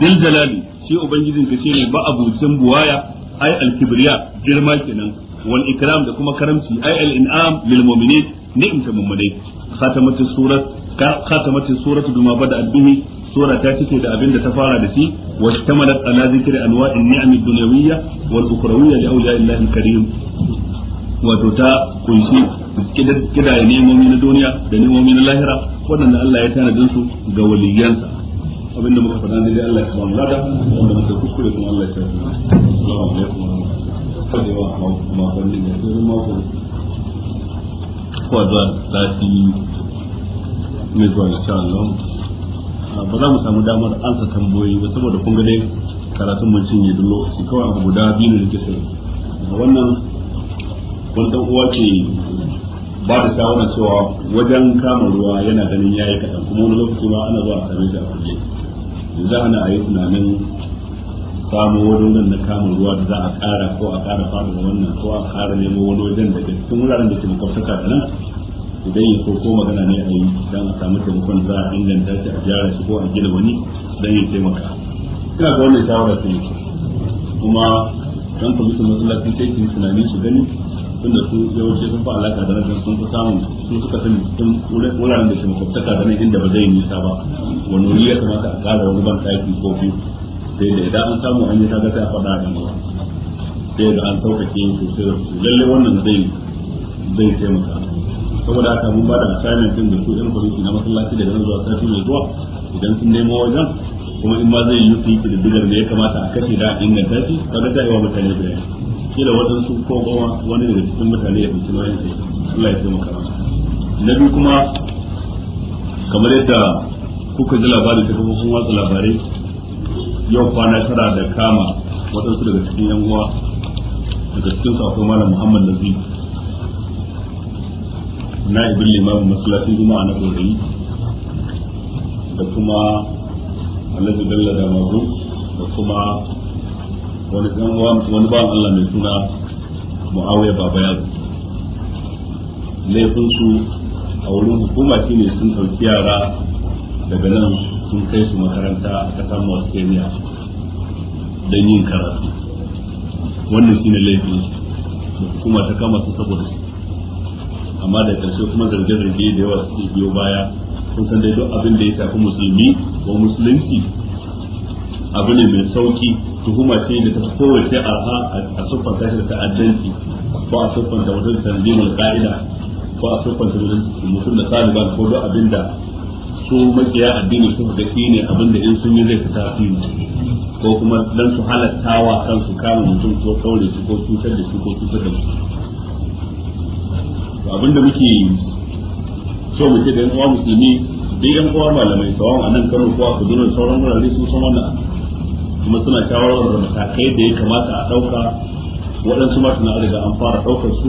dil jalali shi ubangijinka shine ma'abucin buwaya ay al kibriya girma kenan wal ikram da kuma karamci ay al in'am lil mu'minin ni'imta mu'minai khatamatu surat khatamatu suratu bima bada bihi سورة تاتي دا أبين دا تفارى بسي واشتملت على ذكر أنواع النعم الدنيوية والأخروية لأولياء الله الكريم وتتا كويسي كده كده ينعم من الدنيا ينعم من اللاهرة ودن الله يتانى دنسو قوليا أبين دا مرحبا نزل الله يسمع الله دا ودن دا كسكولة من الله يسمع الله السلام عليكم ورحمة الله وبركاته ما فرمي نفسه ما فرمي ko da ta ci ne ko insha Allah ba za mu samu damar ansa tambayoyi ba saboda kun ga dai karatun mun cinye duk lokaci kawai abu guda biyu ne da kisa wannan wanda uwa ce ba da shawara cewa wajen kama ruwa yana ganin yayi kaɗan kuma wani lokaci ma ana zuwa a same shi a kuje yanzu ana a yi tunanin samu wurin nan na kama ruwa da za a kara ko a kara fara wannan ko a kara nemo wani wajen da cikin wuraren da ke makwabtaka da nan idan ya so ko magana ne a yi don a samu taimakon za a inganta shi a gyara shi ko a gina wani don ya taimaka ina ga wannan shawara ta yake kuma dan kwamitin masallaci sai su tunani su gani tunda su yawanci sun fa alaka da nan sun fi samun su suka sani cikin wuraren da ke makwabtaka da nan inda ba zai nisa ba wani wuri ya kamata a kara wani ban ɗaki ko biyu sai da idan an samu an yi ta gata a faɗa a kan sai da an sauƙaƙe sosai da su lallai wannan zai zai taimaka saboda haka mun ba da misalin din da su ɗan kwamiti na masallaci daga nan zuwa sati mai zuwa idan sun nemo wajen kuma in ma zai yi su yi kididdigar da ya kamata a kashe da inganta shi ba ta yi mutane mutane bayani da waɗansu ko goma wani daga cikin mutane ya fi nauyin sai Allah ya taimaka maka na biyu kuma kamar yadda kuka ji labarin da kafofin watsa labarai yau kwana tara da kama waɗansu daga cikin yan uwa daga cikin akwai malam Muhammad Nazir na'ibin limamin masallacin juma'a na gobe da kuma alhaji bello da mazu da kuma wani wani ba allah mai suna mu'awiya baba laifin laifinsu a wurin hukuma shine sun ɗauki yara daga nan sun kai su makaranta a ƙasar mauritania don yin karatu wannan shine laifin hukuma ta kama su saboda su amma da karshe kuma zarge-zarge da yawa suke biyo baya sun san dai duk abin da ya shafi musulmi ko musulunci abu ne mai sauki tuhuma ce da ta kowace ha a sufan ta shirka addanci ko a ta wajen tanzimul ka'ida ko a ta wajen mutum da taliban ko duk abin da su makiya addini su ga shi ne abin da in sun yi zai fi tasiri ko kuma dan su halatta wa kansu kama mutum ko kaure su ko cutar da su ko cutar da su to abinda muke so mu ce da yan musulmi da yan malamai tsawon a nan karo kuwa su kudurin sauran wurare su san wannan kuma suna shawarar da matakai da ya kamata a ɗauka waɗansu ma suna riga an fara ɗaukar su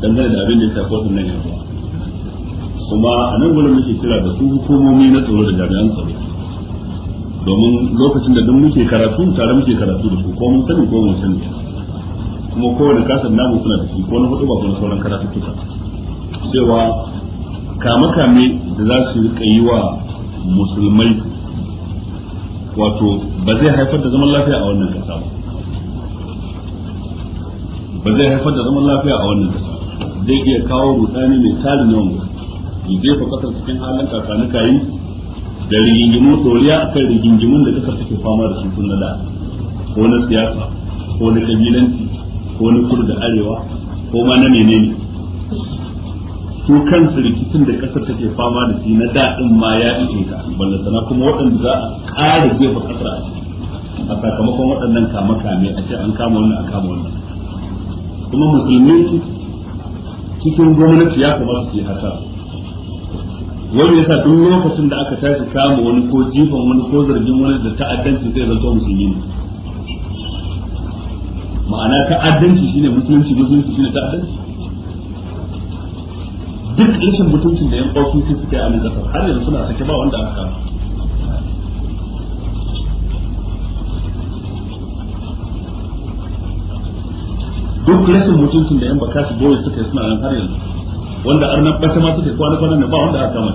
dangane da abin da ya shafi wasu nan yanzu kuma a nan wurin muke kira da su hukumomi na tsoro da jami'an tsaro domin lokacin da duk muke karatu tare muke karatu da su ko mun sani ko mun sani kuma kowane kasar namu suna da shi ko na hudu ba ko na sauran karatuttuka cewa kame-kame da za su rika yi wa musulmai wato ba zai haifar da zaman lafiya a wannan kasa ba zai haifar da zaman lafiya a wannan kasa zai iya kawo rudani mai tarin yawan ya jefa kasar cikin halin kakanuka kayi da rigingimu doriya a kan rigingimun da kasar take fama da su na da ko na siyasa ko na kabilanci ko na kudu da arewa ko ma na menene su kansu rikicin da kasar take fama da shi na daɗin ma ya ka, ta sana kuma waɗanda za a ƙara jefa kasar a ciki a sakamakon waɗannan kama kame a ce an kama wannan a kama wannan kuma musulmi cikin gwamnati ya kamata su yi haka wani yasa duk lokacin da aka tashi kama wani ko jifan wani ko zargin wani da ta'addanci zai zanto musulmi ne ma'ana ta'addanci shine musulunci musulunci shine ta'addanci duk rashin mutuncin da yan ofisin suka yi a nan har yanzu suna sake ba wanda aka kama duk rashin mutuncin da yan baka su boye suka yi suna nan har yanzu wanda arna bata ma suka kwana kwana ne ba wanda aka kama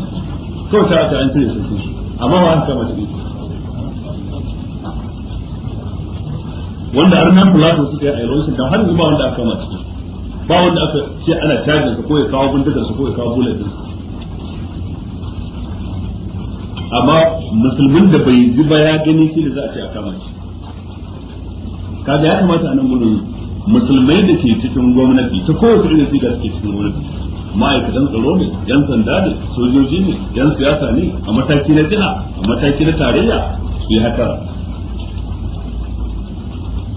kawai ta aka an tare su amma ba aka kama su wanda arna plato suke yi a yi da har yanzu ba wanda aka kama ba wanda aka ce ana cajin su ko ya kawo bindigar su ko ya kawo bullet din amma musulmin da bai ji ba ya gani shi da za a ce a kama shi kaga ya kamata a nan gurin musulmai da ke cikin gwamnati ta kowace irin siga suke cikin gwamnati ma'aikatan tsaro ne yan sanda ne sojoji ne yan siyasa ne a mataki na jina a mataki na tarayya su yi haka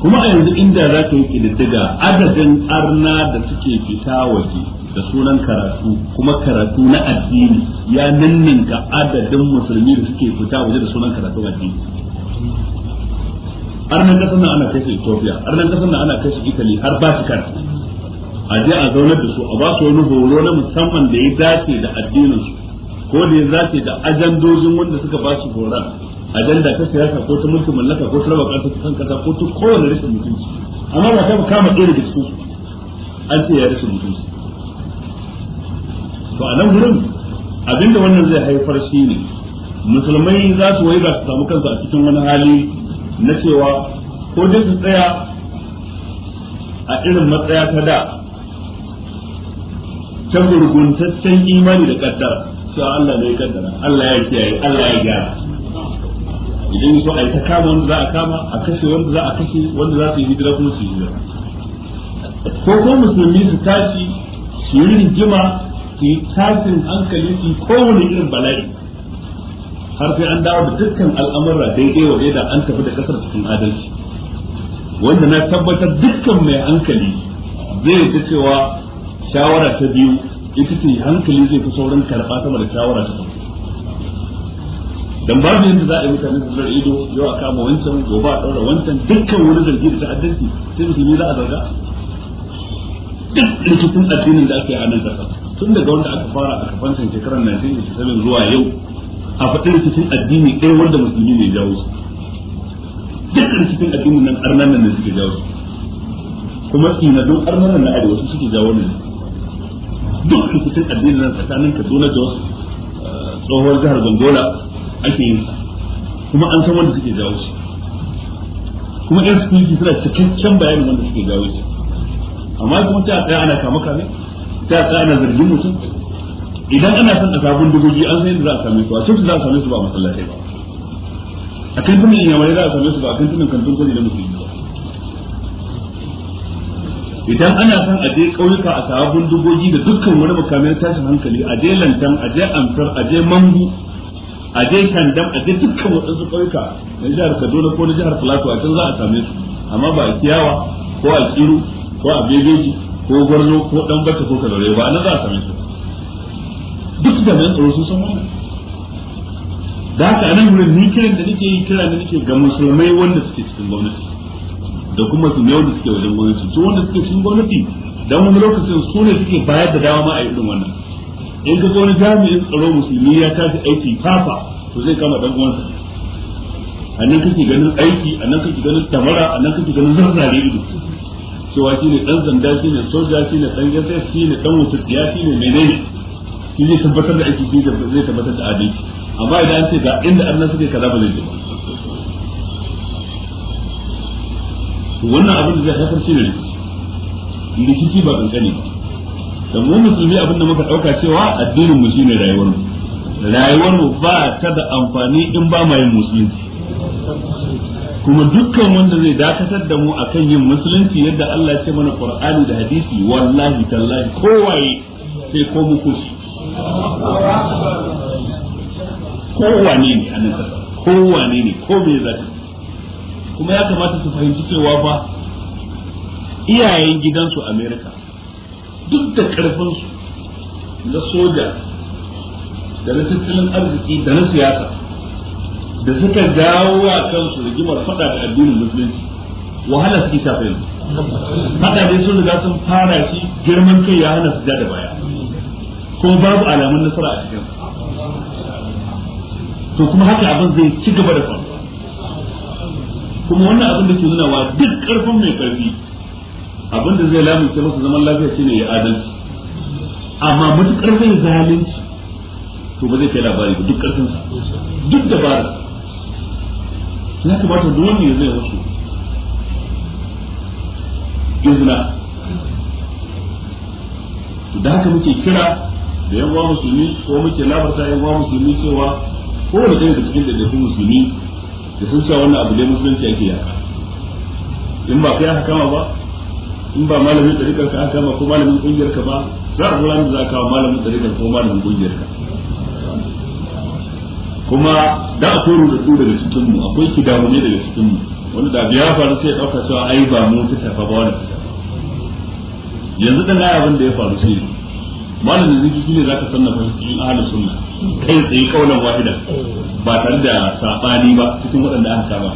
kuma a yanzu inda za ka yi kididdiga adadin arna da suke fita waje da sunan karatu kuma karatu na addini ya ninninka adadin musulmi da suke fita waje da sunan karatu addini arnan kasar nan ana kai su Ethiopia arnan kasar nan ana kai su Italy har ba su Vatican a je a zaunar da su a ba su wani horo na musamman da ya dace da addinin su ko da ya dace da ajandojin wanda suka ba su horon ajanda ta siyasa ko ta mulkin mallaka ko ta raba kasa ta san kasa ko ta kowane rashin mutunci amma ba ta kama ɗaya da cikin su an ce ya rashin mutunci to a nan gurin abinda wannan zai haifar shi ne musulmai za su waiga su samu kansu a cikin wani hali na cewa ko dai su tsaya a irin matsaya ta da ta gurguntaccen imani da kaddara cewa Allah ne ya kaddara Allah ya kiyaye Allah ya gyara idan yaso a yi ta kama wanda za a kama a kashe wanda za a kashe wanda za su yi hijira kuma su yi hijira ko kuma musulmi su tashi su yi rigima su yi tashin hankali su yi kowane irin bala'i har sai an dawo da dukkan al'amura daidai wa da an tafi da kasar cikin adalci wanda na tabbatar dukkan mai hankali zai ta cewa shawara ta biyu ita ce hankali zai fi saurin karɓa sama da shawara ta dan babu yanda za a yi mutane su zara ido yau a kama wancan gobe a ɗaura wancan dukkan wani zargi da ta'addanci sai musulmi za a zarga duk rikicin addinin da ake a nan ƙasa tun daga wanda aka fara a kafancin shekarar 1987 zuwa yau a faɗi rikicin addini ɗaya wanda musulmi ne jawo su duk rikicin addinin nan arnan nan ne suke jawo su kuma tsinadun arnan nan na arewa su suke jawo ne duk rikicin addinin nan tsakanin kaduna jos eh, tsohuwar jihar gongola ake yin sa kuma an san wanda suke jawo shi kuma yan security suna cikakken bayanin wanda suke jawo shi amma kuma ta tsaya ana kama kame ta tsaya ana zargin mutum idan ana son a sabon dubuji an san yadda za a same su a cikin za a same su ba a masallatai ba a kan tunan yamai za a same su ba a kan tunan kantun kwani da musulmi ba idan ana son a je ƙauyuka a sabon dubogi da dukkan wani makamai tashin hankali a je lantan a je amsar a je mangu a je dam a dai dukkan waɗansu ƙauyuka na jihar kaduna ko na jihar plateau a can za a same su amma ba a kiyawa ko a tsiru ko a bebeji ko gwarno ko dan bata ko kalore ba nan za a same su duk da mai tsaro sun san wannan da haka nan wurin ni kiran da nake yi kira da nake ga musulmai wanda suke cikin gwamnati da kuma su ne wanda suke wajen gwamnati to wanda suke cikin gwamnati dan wani lokacin su ne suke bayar da dama ma a irin wannan in ka wani jami'in tsaro musulmi ya tafi aiki fafa to zai kama dan sa a nan kake ganin aiki a nan kake ganin tamara a nan kake ganin zarzare ido cewa ne dan zanda ne soja shi ne dan gasa ne dan shi ne menene shi zai tabbatar da aiki shi zai tabbatar da adalci amma idan an ce ga inda annan suke kaza ba zai wannan abin da zai haifar shi ne rikici ba kankani ba da mu musulmi abin da muka dauka cewa addinin mu shine rayuwar mu rayuwar mu ba ta da amfani in ba mu yin musulunci kuma dukkan wanda zai dakatar da mu akan yin musulunci yadda Allah ya ce mana Qur'ani da hadisi wallahi tallahi kowaye sai ko mu kushi kowane ne anan Ko kowane ne ko me zaka kuma ya kamata su fahimci cewa ba iyayen gidansu America duk da karfinsu na soja da na tattalin arziki da na siyasa da suka dawo a kansu rigimar fada da addinin musulunci wahala suke shafa yanzu fada dai sun riga sun fara shi girman kai ya hana su ja da baya kuma babu alamun nasara a cikin to kuma haka abin zai ci gaba da faruwa kuma wannan abin da ke nuna wa duk karfin mai karfi abin da zai lamunce masa zaman lafiya ne ya adalci amma mutu karfin zalunci to ba zai kai labari ba duk karfin sa duk bara ya kamata duk wanda ya zai wasu izina da haka muke kira da yan uwa musulmi ko muke labarta yan uwa musulmi cewa wani ɗaya da cikin daidaitun musulmi da sun sha wannan abu dai musulunci ake yaka in ba kai haka kama ba in ba malamin tarikar ka aka ba ko malamin kungiyar ka ba za a ranar za ka malamin tarikar ko malamin kungiyar ka kuma da da su daga cikin mu akwai ki ne daga cikin mu wanda da biya faru sai ɗauka dauka cewa ai ba mu ta tafa ba wani yanzu dan ayi abin da ya faru sai malamin zikiri ne zaka sanna fa cikin ahlus sunna kai tsaye kaulan wahida ba tare da sabani ba cikin waɗanda aka saba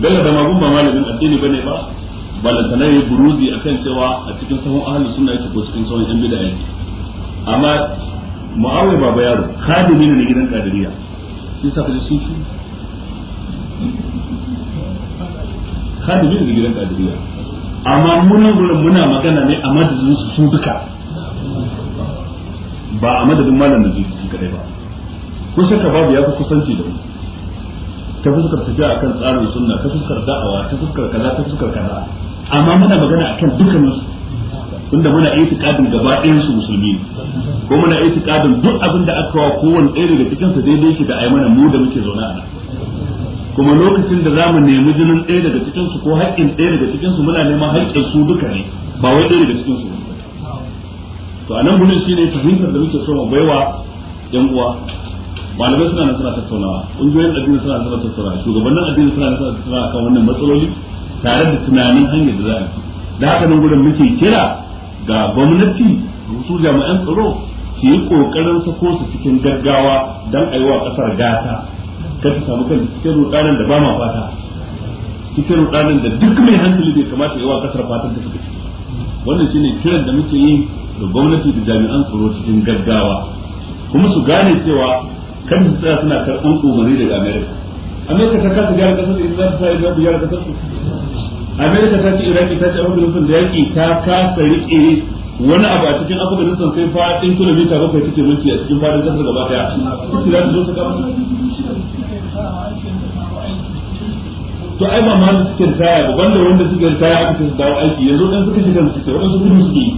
dalla da magumba ba malamin addini bane ba balantana ya buruzi kan cewa a cikin sahun ahli suna yake ko cikin sahun yan bid'a yake amma mu'awiya baba yaro kadimi ne na gidan kadiriya shi sa kaje su su kadimi ne na gidan kadiriya amma muna gurin muna magana ne a madadin su su duka ba a madadin malam da zuci kadai ba ko shakka babu ya fi kusanci da mu ta fuskar tafiya akan tsarin sunna ta fuskar da'awa ta fuskar kaza ta fuskar kaza amma muna magana akan dukkan musu inda muna itikadin gaba ɗayan su musulmi ko muna itikadin duk abin da aka kawo kowanne ɗaya daga cikin su daidai ke da ai mana mu da muke zauna a kuma lokacin da zamu nemi jinin ɗaya daga cikin su ko haƙƙin ɗaya daga cikin su muna neman haƙƙin su duka ne ba wai ɗaya daga cikin su to anan shi shine fahimtar da muke so mu baiwa yan uwa malamai suna nan suna tattaunawa ƙungiyoyin addini suna nan suna tattaunawa shugabannin addini suna nan suna tattaunawa kan wannan matsaloli tare da tunanin hanyar da za a da haka nan gudun muke kira ga gwamnati su jami'an tsaro su yi kokarin sako su cikin gaggawa don a yi wa kasar gata kar ta samu kanta cikin rudanin da ba ma fata cikin rudanin da duk mai hankali bai kamata yi wa kasar fatan ta suka ciki wannan shine kiran da muke yi da gwamnati da jami'an tsaro cikin gaggawa kuma su gane cewa kan su tsaya suna karɓar umarni daga amerika amerika ta kasa gyara kasar da ita za ta sa ita gyara kasar su amerika ta ci iraki ta ci afganistan da yaki ta kasa riƙe wani abu a cikin nufin sai fadin kilomita bakwai cikin mulki a cikin fadin kasar gaba to ai ba ma suke ritaya ba banda wanda suke ritaya aka ce su dawo aiki yanzu dan suka shiga su ce wadansu gudu suke yi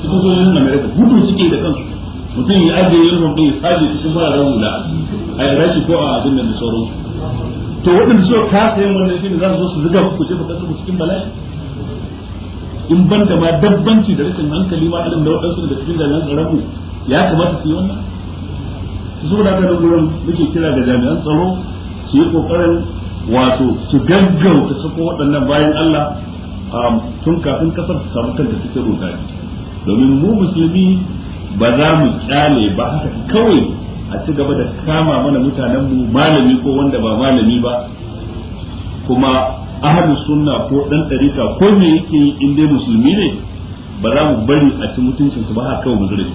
cikin zo amerika gudu suke da kansu mutum ya ajiye yin mafi ya cikin fara a iraki ko a abin da sauransu to waɗanda su ka sayan wannan shine za su zo su zuga ku ce ba su cikin bala'i in ban da ma dabbanci da rikin hankali ma irin da wadansu da cikin jami'an nan rabu ya kamata su yi wannan su zo da ga wurin muke kira ga jami'an tsaro su yi kokarin wato su gaggauta ko waɗannan bayan Allah um, tun kafin kasar su samu kanta cikin rudani domin mu musulmi ba za mu kyale ba haka kawai a ci gaba da kama mana mutanen mu malami ko wanda ba malami ba kuma ahlus sunna ko dan dariƙa ko me yake yi in dai musulmi ne ba za mu bari a ci mutuncin su ba har kawai mu zure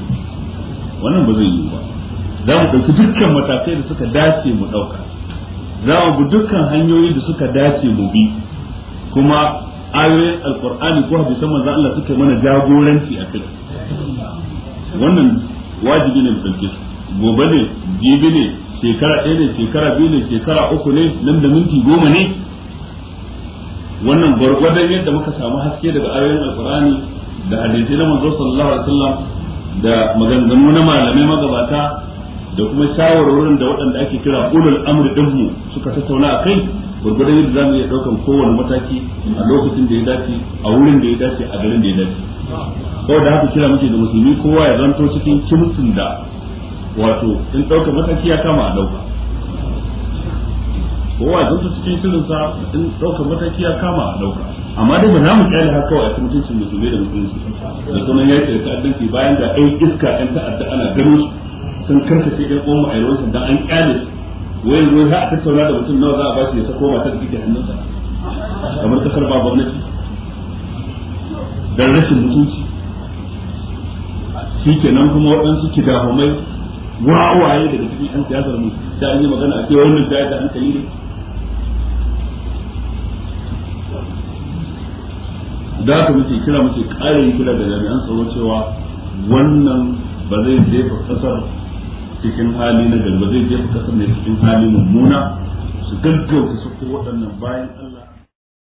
wannan ba zai yi ba za mu ɗauki dukkan matakai da suka dace mu ɗauka za mu bi dukkan hanyoyi da suka dace mu bi kuma ayoyin alkur'ani ko sama za Allah suke mana jagoranci a kai wannan wajibi ne mu ɗauke su gobe ne jibi ne shekara ɗaya ne shekara biyu ne shekara uku ne nan da minti goma ne wannan gwargwadon yadda muka samu haske daga ayoyin alkur'ani da hadisi na manzo sallallahu alaihi wasallam da maganganu na malamai magabata da kuma shawarwarin da waɗanda ake kira ulul amri dinmu suka tattauna a kai gwargwadon yadda zamu iya ɗaukan kowane mataki a lokacin da ya dace a wurin da ya dace a garin da ya dace da haka kira muke da musulmi kowa ya zanto cikin kimsin da wato in ɗauka mataki ya kama a ɗauka kowa zan su cikin sa in ɗauka mataki ya kama a ɗauka amma dai ba za mu kyale haka wa a mutuncin musulmi da musulunci da sunan ya ce addinki bayan da ɗan iska ɗan ta'adda ana ganin su sun karkashe ɗan ƙoma a yawon dan an kyale su wai za a tattauna da mutum nawa za a bashi ya sako matar da take hannunsa kamar kasar ba gwamnati dan rashin mutunci shi kenan kuma waɗansu kidahumai wawaye daga cikin yan siyasar mu ta yi magana a cewa wannan tayar da hankali ne da haka muke kira muke ƙarin kira da jami'an tsaro cewa wannan ba zai jefa ƙasar cikin hali na gari ba zai jefa ƙasar ne cikin hali mummuna su gaggauta su ko waɗannan bayan